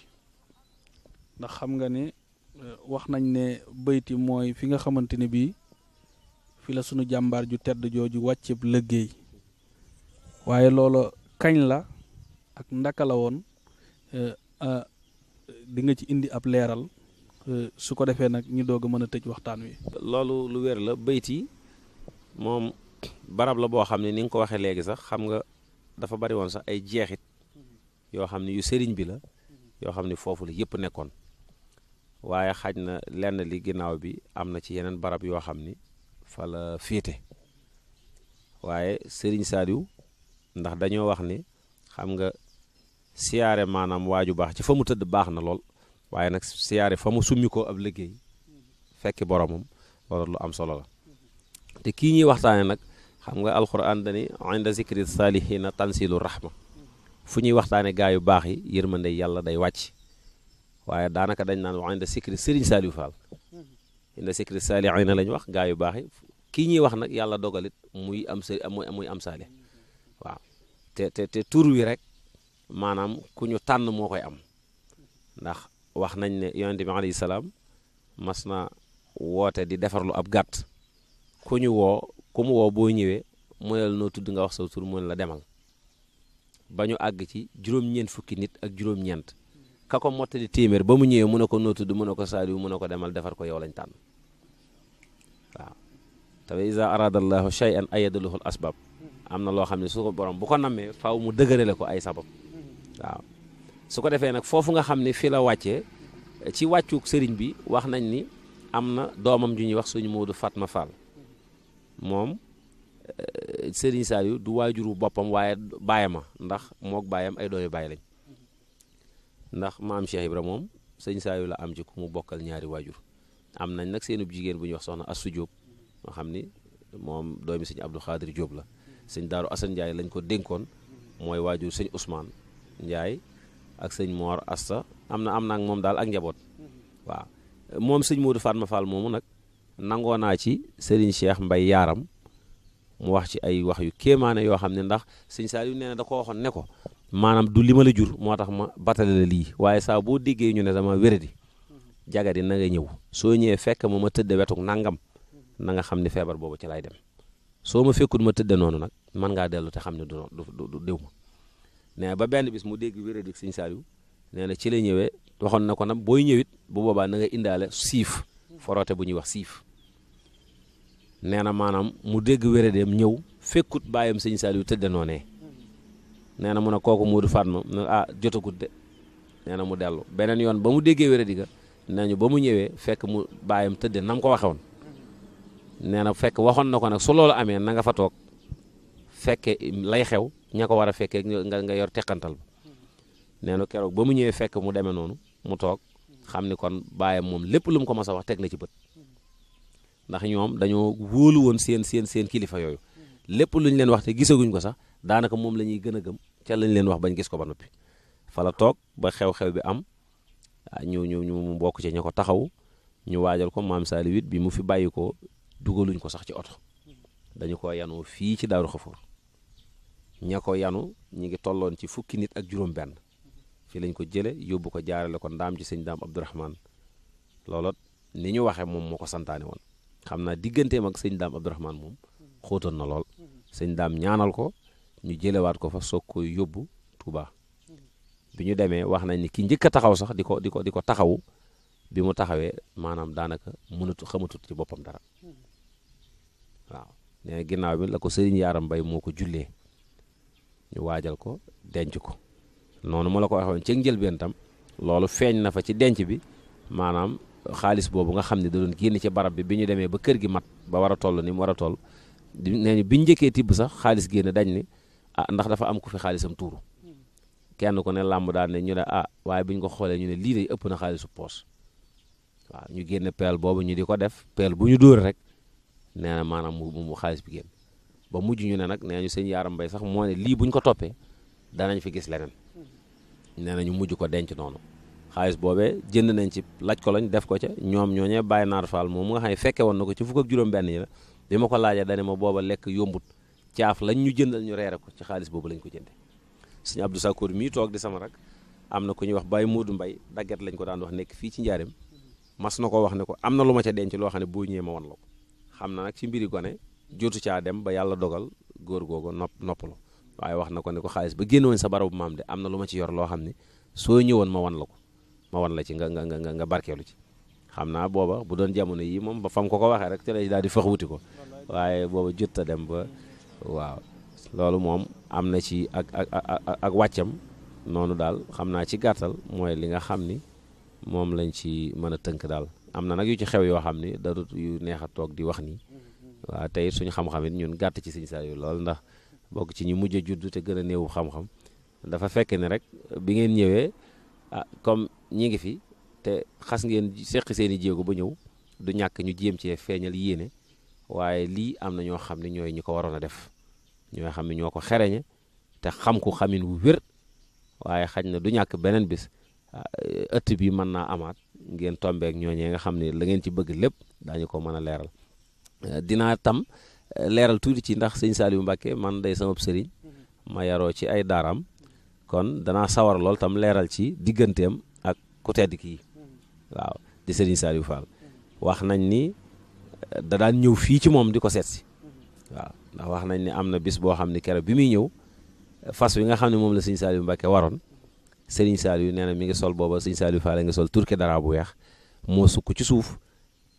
ndax xam nga ne eh, wax nañ ne bëyti mooy fi nga xamante ne bii fi la sunu jàmbaar ju tedd jooju wàcceeb liggéey waaye loolo kañ la ak ndaka la woon eh, di nga ci indi ab leeral su ko defee nag ñu doog a mën a tëj waxtaan wi. loolu lu wér la bayt moom barab la boo xam ne ni nga ko waxee léegi sax xam nga dafa bari woon sax ay jeexit yoo xam ne yu sëriñ bi la yoo xam ne foofu la yëpp nekkoon waaye xaj na lenn li ginnaaw bi am na ci yeneen barab yoo xam ni fa la waaye sëriñ Saliou ndax dañoo wax ni xam nga siyaare maanaam waaju baax ci fa mu tëdd baax na lool. waaye nag siyaare fa mu summi ko ab liggéey fekki boromam loolu lu am solo la te kii ñuy waxtaane nag xam nga alxuraan dani inda zikri saalihiina tansilu rahma fu ñuy waxtaane gaa yu baax yi yërmande yàlla day wàcc waaye daanaka dañ naan wax inda sikri sëriñ Saliou Fall inda sikri saalihiina lañ wax gaa yu baax yi kii ñuy wax nag yàlla dogalit muy am sëri muy am saalih waaw te te te wi rek maanaam ku ñu tànn moo koy am ndax wax nañ ne yonente bi alayhi salaam mas na woote di defarlu ab gàtt ku ñu woo ku mu woo boo ñëwee mu ne la noo tudd nga wax sa tur mu ne la demal ba ñu àgg ci juróom-ñeent fukki nit ak juróom-ñeent ka ko mottali téeméer ba mu ñëwee mu ne ko noo tudd mu ne ko saadiw mu ne ko demal defar ko yow lañ tànn waaw te iza arada allahu shay'an ayadaluhu al asbab am na loo xam ne su ko borom bu ko nammee faaw mu dëgërale ko ay sabab waaw su ko defee nag foofu nga xam ne fi la wàccee ci wàccuk sëriñ bi wax nañ ni am na doomam ju ñuy wax suñu Moodu Fatma Fall moom euh, sëriñ Saliou du waajuru boppam waaye baayama ndax mook baayam ay doomi baay lañ ndax maam Cheikh Ibra moom sëñ saa yu la am ci ku mu bokkal ñaari waajur am nañ nag seenub jigéen bu ñuy wax soxna Astou Diop nga xam ni moom doomi sëñ Abdou Khadir jóob la sëñ Daaru Assane Ndiaye lañ ko dénkoon mooy waajur sëñ Ousmane njaay ak sëñ Mor Asta am na am na ak moom daal ak njaboot waaw moom sëñ Modou ma Fall moomu nag nangoo naa ci sëriñ Cheikh Mbay Yaaram mu wax ci ay wax yu kéemaane yoo xam ne ndax sëñ saa nee na da ko waxoon ne ko maanaam du li ma la jur moo tax ma batale la lii waaye saa boo diggee ñu ne dama wéradi jagadi na nga ñëw soo ñëwee fekk ma ma tëdde wetuk nangam na nga xam ne feebar boobu ci lay dem soo ma fekkut ma tëdd noonu nag man ngaa dellu te xam ne du du déw ma nee ba benn bis mu dégg wérédik sëñ Saliou nee na ci la ñëwee waxoon na ko nag booy ñëwit bu boobaa na nga indaale siif foroote bu ñuy wax siif nee na maanaam mu dégg wérédeem ñëw fekkut baayam sëñ Saliou tëdd noonee nee na mu ne kooku Modou Fatma ah jotagut de nee na mu dellu beneen yoon ba mu déggee wéradi ga nee ñu ba mu ñëwee fekk mu baayam tëdd na ko waxee woon nee na fekk waxoon na ko nag su loolu amee na nga fa toog fekke lay xew ña ko war a fekkee nga nga yor teqantal ba nee na keroog ba mu ñëwee fekk mu demee noonu mu toog xam ni kon bàyyam moom lépp lu mu ko mas a wax teg na ci bët ndax ñoom dañoo wóolu woon seen seen seen kilifa yooyu lépp lu ñu leen wax te gisaguñ ko sax daanaka moom la ñuy gën a gëm ca lañ leen wax bañ gis ko ba noppi fa la toog ba xew-xew bi am ah, ñu ñu ñu bokk ci ña ko taxaw ñu waajal ko maam Saliou it bi mu fi bàyyi ko dugaluñ ko sax ci oto dañu ko yanoo fii ci Daaru ña ko yanu ñu ngi tolloon ci fukki nit ak juróom benn fi lañ ko jële yóbbu ko la ko ndaam ci sëñ daam abdourahman loolot ni ñu waxe moom moo ko santaane woon xam naa digganteem ak sëñ daam abdourahman moom xóotoon na lool sëñ daam ñaanal ko ñu jëlewaat ko fa soog koy yóbbu Tuuba bi ñu demee wax nañ ni ki njëkk a taxaw sax di ko di ko di ko taxawu bi mu taxawee maanaam daanaka mënatu xamatut ci boppam dara waaw nee ginnaaw bi la ko sëriñ yaaram mbay moo ko jullee ñu waajal ko denc ko noonu ma la ko waxoon ci njëlbeen loolu feeñ na fa ci denc bi maanaam xaalis boobu nga xam ne da doon génn ci barab bi bi ñu demee ba kër gi mat ba war a toll ni mu war a toll nee ñu bi ñu njëkkee tibb sax xaalis génn dañ ni a ah, ndax dafa am ku fi xaalisam tuuru kenn ku ne làmb daal ne ñu ne ah waaye bi ñu ko xoolee ñu ne lii day ëpp na xaalisu poos waaw ñu génn peel boobu ñu di ko def peel bu ñu dóor rek nee na maanaam mu mu xaalis bi génn ba mujj ñu ne nag nee ñu sëñ yaaram mbay sax moo ne lii buñ ko toppee danañ fi gis leneen nee nañu mujj ko denc noonu xaalis boobee jënd nañ ci laaj ko lañ def ko ca ñoom ñoo ñooñee Baye Naar Fall moom mu nga xam ne fekke woon na ko ci fukk ak juróom-benn yi la bi ma ko laajee dane ma booba lekk yombut caaf lañ ñu jëndal ñu reere ko ci xaalis boobu lañ ko jënde sëñ Abdou Sakour mii toog di sama rek am na ku ñu wax Baye Modou mbay dagget lañ ko daan wax nekk fii ci njaareem mas ko wax ne ko am na lu ma ca denc loo xam ne boo ñëwee ma wan la ko xam na ci mbiri gone jotu caa dem ba yàlla dogal góor googu nopp noppalu waaye wax na ko ne ko xaalis ba génn génnoon sa barabu maam de am na lu ma ci yor loo xam ne soo ñëwoon ma wan la ko ma wan la ci nga nga nga nga barkeelu ci xam naa booba bu doon jamono yi moom ba fam ko ko waxee rek ci lay daal di fex wuti ko waaye booba jot a dem ba waaw loolu moom am na ci ak ak ak ak wàccam noonu daal xam naa ci gàttal mooy li nga xam ni moom lañ ci mën a tënk daal am na nag yu ci xew yoo xam ni darut neex a di wax nii waaw tey suñu xam-xam ñun gàtt ci sëñ yu lool ndax bokk ci ñu mujj a te gën a néewu xam-xam dafa fekk ne rek bi ngeen ñëwee ah comme ñi ngi fi te xas ngeen seqi seen i jéego ba ñëw du ñàkk ñu jéem cee feeñal yéene waaye lii am na ñoo xam ne ñooy ñu ko waroon a def ñoo xam ne ñoo ko xereñe te xam ku xamin wu wér waaye xaj na du ñàkk beneen bis ah, ëtt bi mën naa amaat ngeen tombeek ñooñee nga xam ne la ngeen ci bëgg lépp daañu ko mën a leeral Euh, dinaa tam euh, leeral tuuti ci ndax sëñ Saliou Mbacke man day sama sëriñ ma yaroo ci ay daaraam kon danaa sawar lool tam leeral ci digganteem ak ku tedd kii waaw di sëriñ Saliou Fall wax nañ ni euh, da ñëw fii ci moom di ko seet si waaw ndax wax nañ ni am na bis boo xam ne kere bi muy ñëw fas wi nga xam ne moom la sëñ Saliou Mbacke waroon sëriñ Saliou nee na mi ngi sol booba sëñ Saliou Fall a ngi sol turke dara bu weex moo sukk ci suuf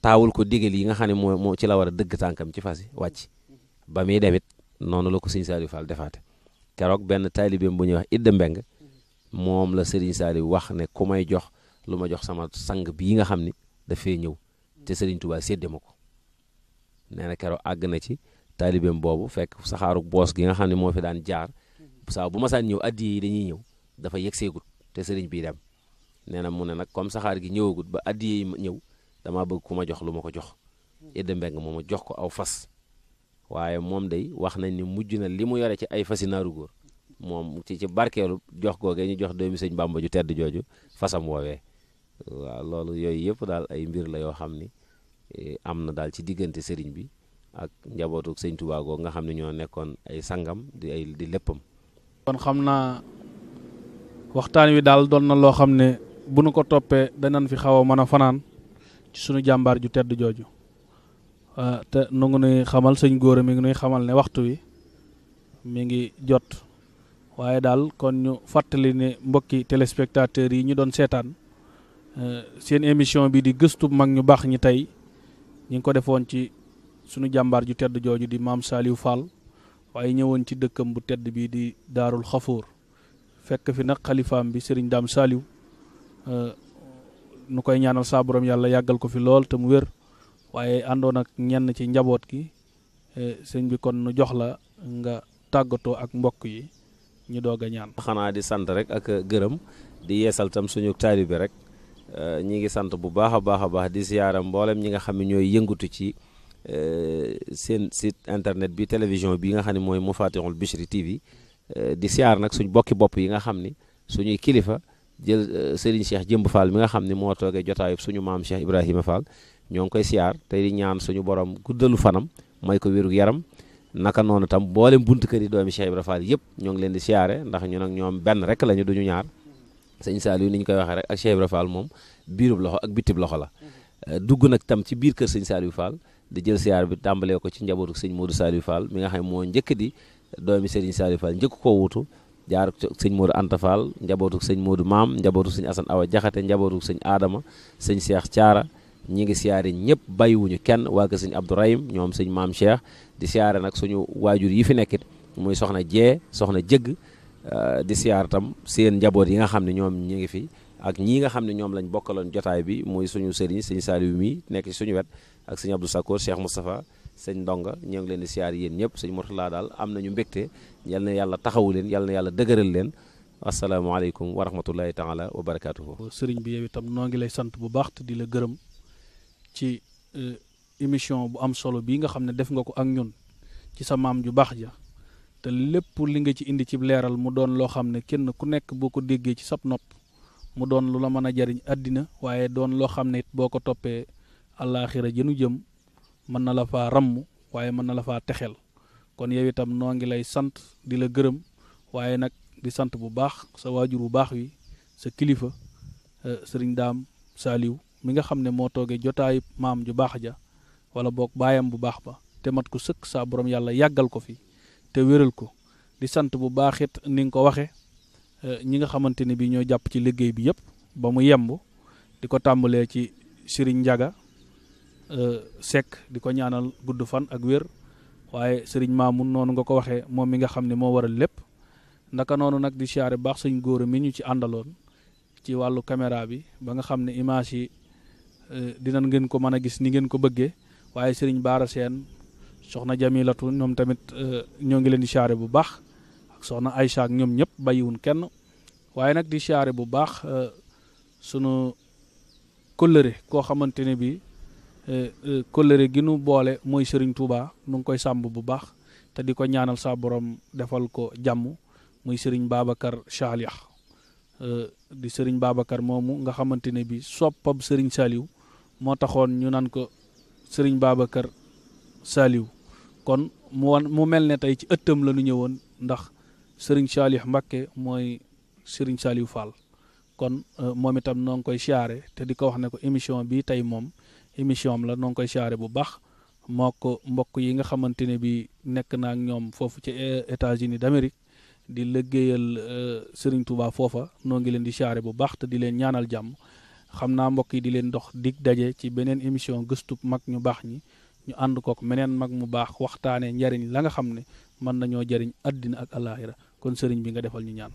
taawul ko digal yi nga xam ne moo moo ci la war a dëgg tànkam ci fas yi wàcc ba muy dem demit noonu la ko sëñ Saliou Fall defaate keroog benn taalibeem bu ñuy wax Idda Mbeng moom la Serigne Saliou wax ne ku may jox lu ma jox sama sang bii nga xam ni dafa ñëw te sëriñ Touba sédde ma ko nee na keroog àgg na ci taalibeem boobu fekk saxaaru boos gi nga xam ne moo fi daan jaar saa bu ma saan ñëw addiya yi dañuy ñëw dafa yegg seegut te sëriñ bii dem nee na mu ne nag comme saxaar gi ñëwagut ba addiya yi ñëw. damaa bëgg ku ma jox lu ma ko jox hmm. Idda Mbeng moom ma jox ko aw fas waaye moom dey wax nañ ni mujj na li mu yore ci ay fasi naaru góor moom ci ci barkeelu jox googee ñu jox doomi sëñ Bàmba ju tedd jooju fasam woowee loolu yooyu yëpp daal ay mbir la yoo xam ni e, am na daal ci diggante sëriñ bi ak njabootu sëñ Tuubaa nga xam ne ñoo nekkoon ay sangam di ay di léppam. kon xam naa waxtaan wi daal doon na loo xam ne bu nu ko toppee danañ fi xaw a mën a fanaan. ci sunu jàmbaar ju tedd jooju ah, te nu ngi nuy xamal sëñ góor mi ngi nuy xamal ne waxtu wi mi ngi jot waaye daal kon ñu fàttali ne mbokki téléspectateurs yi ñu doon seetaan eh, seen émission bii di gëstu mag ñu baax ñi tey ñu ngi ko defoon ci sunu jàmbaar ju tedd jooju di maam Saliou Fall waaye ñëwoon ci dëkkam bu tedd bii di Daarul Xafoor fekk fi nag xalifaam bi sëriñ Daam saaliw eh, nu koy ñaanal saa borom yàlla yàggal ko fi lool te mu wér waaye àndoon ak ñenn ci njaboot gi e, sëñ bi kon nu jox la nga tàggatoo ak mbokk yi ñu doog a ñaan. xanaa di sant rek ak gërëm di yeesal tam suñu bi rek e, ñi ngi sant bu baax a baax a baax di siyaaram mboolem ñi nga xam ne ñooy yëngatu ci e, seen site internet bi télévision bi nga xam ne mooy Mafatihoul Bichri TV di siyaar nag suñ bokki bopp yi nga xam ni suñuy kilifa. jël euh, Serigne Cheikh Jëmb faal mi nga xam ni moo toogee jotaayub suñu maam Cheikh Ibrahima Fall ñoo ngi koy siyaar te ñaan suñu borom guddalu fanam may ko wérug yaram naka noonu tam boolem buntu kër yi doomi Cheikh Ibrahima Fall yëpp ñoo ngi leen di siyaare ndax ñun ak ñoom benn rek lañu duñu ñaar sëñ Saliou ni ñu koy waxee rek ak Cheikh Ibrahima moom biirub loxo ak bitib loxo la euh, dugg nag tam ci biir kër sëñ Saliou Fall di jël siyaar bi tàmbalee ko ci njabootu sëñ Modou Saliou Fall mi nga xam ne moo njëkk di doomi Serigne Saliou Fall njëkk koo wutu jaar sëñ Modou Anta Fall njabootu sëñ Modou Maam njabootu sëñ Assane Awa Jaxate njabootu sëñ Adama sëñ Cheikh caara ñi ngi siyaare ñëpp bàyyiwuñu kenn waa ko sëñ Abdourahim ñoom sëñ Maam Cheikh di siyaare nag suñu waajur yi fi nekkit muy soxna jee soxna jëgg euh, di siyaar tam seen njaboot yi nga xam ne ñoom ñi ngi fi ak ñii nga xam ne ñoom lañ bokkaloon jotaay bi muy suñu sëriñ sëñ Saliou mi nekk suñu wet ak sëñ Abdou Sakor Cheikh Moustapha sëñ ndonga ñoo ngi leen di siyaar yéen ñëpp sëñ Murtala daal am nañu mbégte yal yàlla taxawu leen yal yàlla dëgëral leen asalaamaaleykum wa rahmatullahi taala wa barakaatuhu sëriñ bi yow itam noo ngi lay sant bu baax te di la gërëm ci euh, émission bu am solo bii nga xam ne def nga ko ak ñun ci sa maam ju baax ja te lépp li nga ci indi cib leeral mu doon loo xam ne kenn ku nekk boo ko déggee ci sab nopp mu doon lu la mën a jariñ àddina waaye doon loo xam ne boo ko toppee àllaaxira jënu jëm mën na la faa ramm waaye mën na la fa texel kon yow itam noo ngi lay sant di la gërëm waaye nag di sant bu baax sa waajur bu baax wi sa kilifa eh, sëriñ daam saaliw mi nga xam ne moo toogee jotaayu maam ju baax ja wala boog baayam bu baax ba te mat ko sëkk saa borom yàlla yàggal ko fi te wéral ko di sant bu baax it ni nga ko waxe eh, ñi nga xamante ne bi ñoo jàpp ci liggéey bi yëpp ba mu yemb di ko tàmbalee ci sëriñ njaga Euh, Seck di ko ñaanal gudd fan ak wér waaye sëriñ Mamoun noonu nga ko waxee moom mi nga xam ne moo waral lépp ndaka noonu nag di siyaare baax sëñ góor mi ñu ci àndaloon ci wàllu caméra bi ba nga xam ne image yi euh, dinañ ngeen ko mën a gis ni ngeen ko bëggee waaye sëriñ Baara Seen soxna Jamilatu ñoom tamit euh, ñoo ngi leen di siyaare bu baax ak soxna Aïcha ak ñoom ñëpp bàyyiwun kenn waaye nag di siyaare bu baax sunu kóllëre koo xamante ne bii Euh, euh, kóllëre gi nu boole mooy sëriñ Touba nu ngi koy sàmb bu baax te di ko ñaanal saa boroom defal ko jàmm muy sëriñ Babacar Chaliah euh, di sëriñ Babacar moomu nga xamante ne bi soppab sëriñ Saliou moo taxoon ñu naan ko sëriñ Babacar Saliou kon mu wan mu mel ne tey ci ëttam la ñu ñëwoon ndax sëriñ Chaliah Mbacké mooy sëriñ Saliou Fall kon moom itam noo ngi koy siyaare te di ko wax ne ko émission bi tey moom émission am la noo koy siyaare bu baax mook mbokk yi nga xamante ne bi nekk naa ñoom foofu ci États-Unis d'Amérique di liggéeyal euh, Serigne Touba foofa noo ngi leen di siyaare bu baax te di leen ñaanal jàmm xam naa mbokk yi di leen dox dig daje ci beneen émission gëstub mag ñu baax ñi ñu ànd kook meneen mag mu baax waxtaanee njariñ la nga xam ne mën nañoo jariñ àddina ak àllaaxira kon sëriñ bi nga defal ñu ñaan.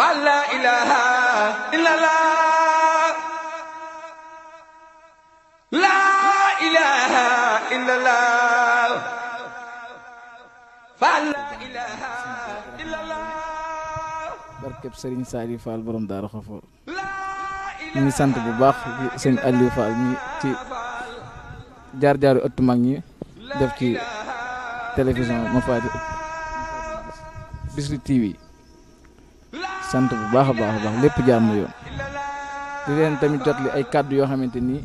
fa la ilaha allah la ilaha illa allah fa la ilaha illa allah barkeb Serigne borom Daaru Xafoor ñu ngi sant bu baax sëñ Aliou Fall mi ci jaar-jaaru ëttu mag ñi def ci télévision ma faati Bichri TV sant bu baax a baax a baax lépp jaar na yoon di leen tamit jot ay kàddu yoo xamante ni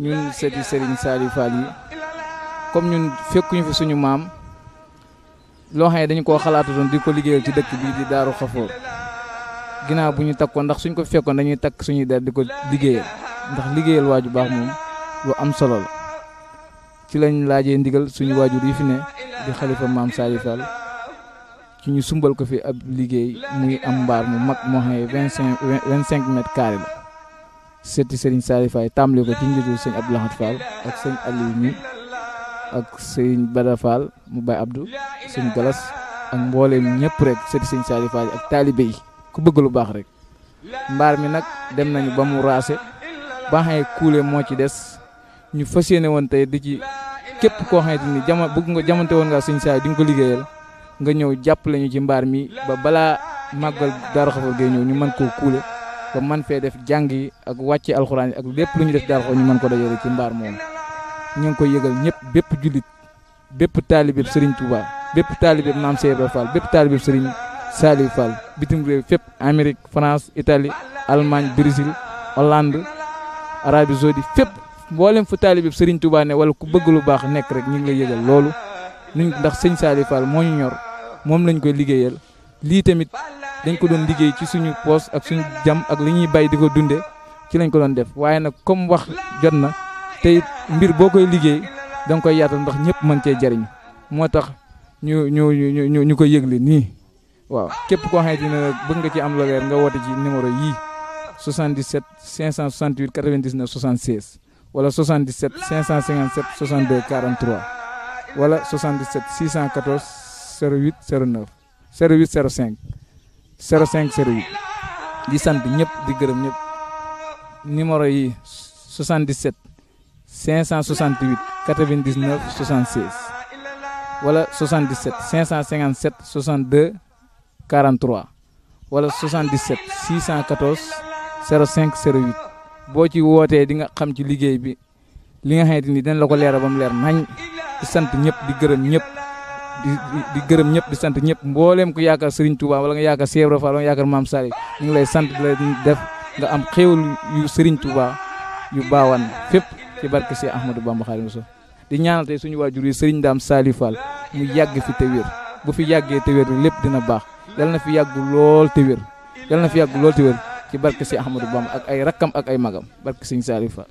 ñun seeti Serigne Saliou Fall yi comme ñun fekkuñu fi suñu maam loo xam ne dañu koo xalaatutoon di ko liggéeyal ci dëkk bii di Daaru Xafoor ginnaaw bu ñu takkoon ndax suñ ko fekkoon dañuy takk suñuy der di ko liggéeyal ndax liggéeyal waaju baax moom lu am solo la ci lañ laajee ndigal suñu waajur yi fi ne di xalifa maam Saliou Fall ci ñu sumbal ko fi ab liggéey muy am mbaar mu mag moo xam ne vingt cinq vingt cinq mètres carré la seeti sëriñ Salif Faye tàmbale ko ci njiitu sëñ ab Lahad Fall ak sëñ Aliou mi ak sëñ Bada Fall mu bay Abdou sëñ Galas ak mbooleem ñëpp rek seeti sëñ Salif ak taalibe yi ku bëgg lu baax rek mbaar mi nag dem nañu ba mu raase ba xam ne kuule moo ci des ñu fas yéene woon tey di ci képp koo xamante ni jama bëgg nga jamante woon ngaa sëñ Salif di nga ko liggéeyal. nga ñëw jàppale ñu ci mbaar mi ba balaa màggal Darou Khafor Gueye ñëw ñu mën koo kuule ba man fee def jàng yi ak wàcce alxuraan yi ak lépp lu ñu def Darou Khafor ñu mën ko dajale ci mbaar moomu ñu ngi koy yëgal ñëpp bépp jullit bépp taalibeb Serigne Touba bépp taalibeb Maam Cheikh ba Fall bépp taalibeb Serigne Saliou Fall bitim réew fépp Amérique France itali Allemagne Brésil Hollande Arabie Saoudite fépp mboolem fu taalibeb Serigne Touba ne wala ku bëgg lu baax nekk rek ñu ngi lay loolu nuñ ndax sëñ Saliou Fall moo ñu ñor moom lañ koy liggéeyal lii tamit dañ ko doon liggéey ci suñu poos ak suñu jam ak li ñuy bay di ko dunde ci lañ ko doon def waaye nag comme wax jot na tey mbir boo koy liggéey danga koy yaatal ndax ñëpp mën cee jariñ moo tax ñu ñu ñu ñu ko yëgle nii waaw képp koo xamante ne bëgg nga ci am lu leer nga woote ci numéro yii 77 568 99 76 wala 77 557 62 43. wala 77 614 08 09 08 05 05 08 di sant ñëpp di gërëm ñëpp numéro yi 77 568 99 76 wala 77 557 62 43 wala 77 614 05 08 boo ci wootee di nga xam ci liggéey bi li nga xamante ni dañ la ko leeral ba mu leer nañ. di sant ñëpp di gërëm ñëpp di di gërëm ñëpp di sant ñëpp mbooleem ku yaakaar Serigne Touba wala nga yaakaar Cheikh Ibra Fall wala nga yaakaar Maam Saliou ñu ngi lay sant di la def nga am xéewal yu Serigne Touba yu baawan fépp ci barke si Ahmadou Bamba Xaadimu di ñaanal suñu waajur yi Serigne Dame Saliou Fall mu yàgg fi te bu fi yàggee te wér lépp dina baax yal na fi yàgg lool te wér yal na fi yàgg lool te wér ci barke si Ahmadou Bamba ak ay rakkam ak ay magam barke Serigne Saliou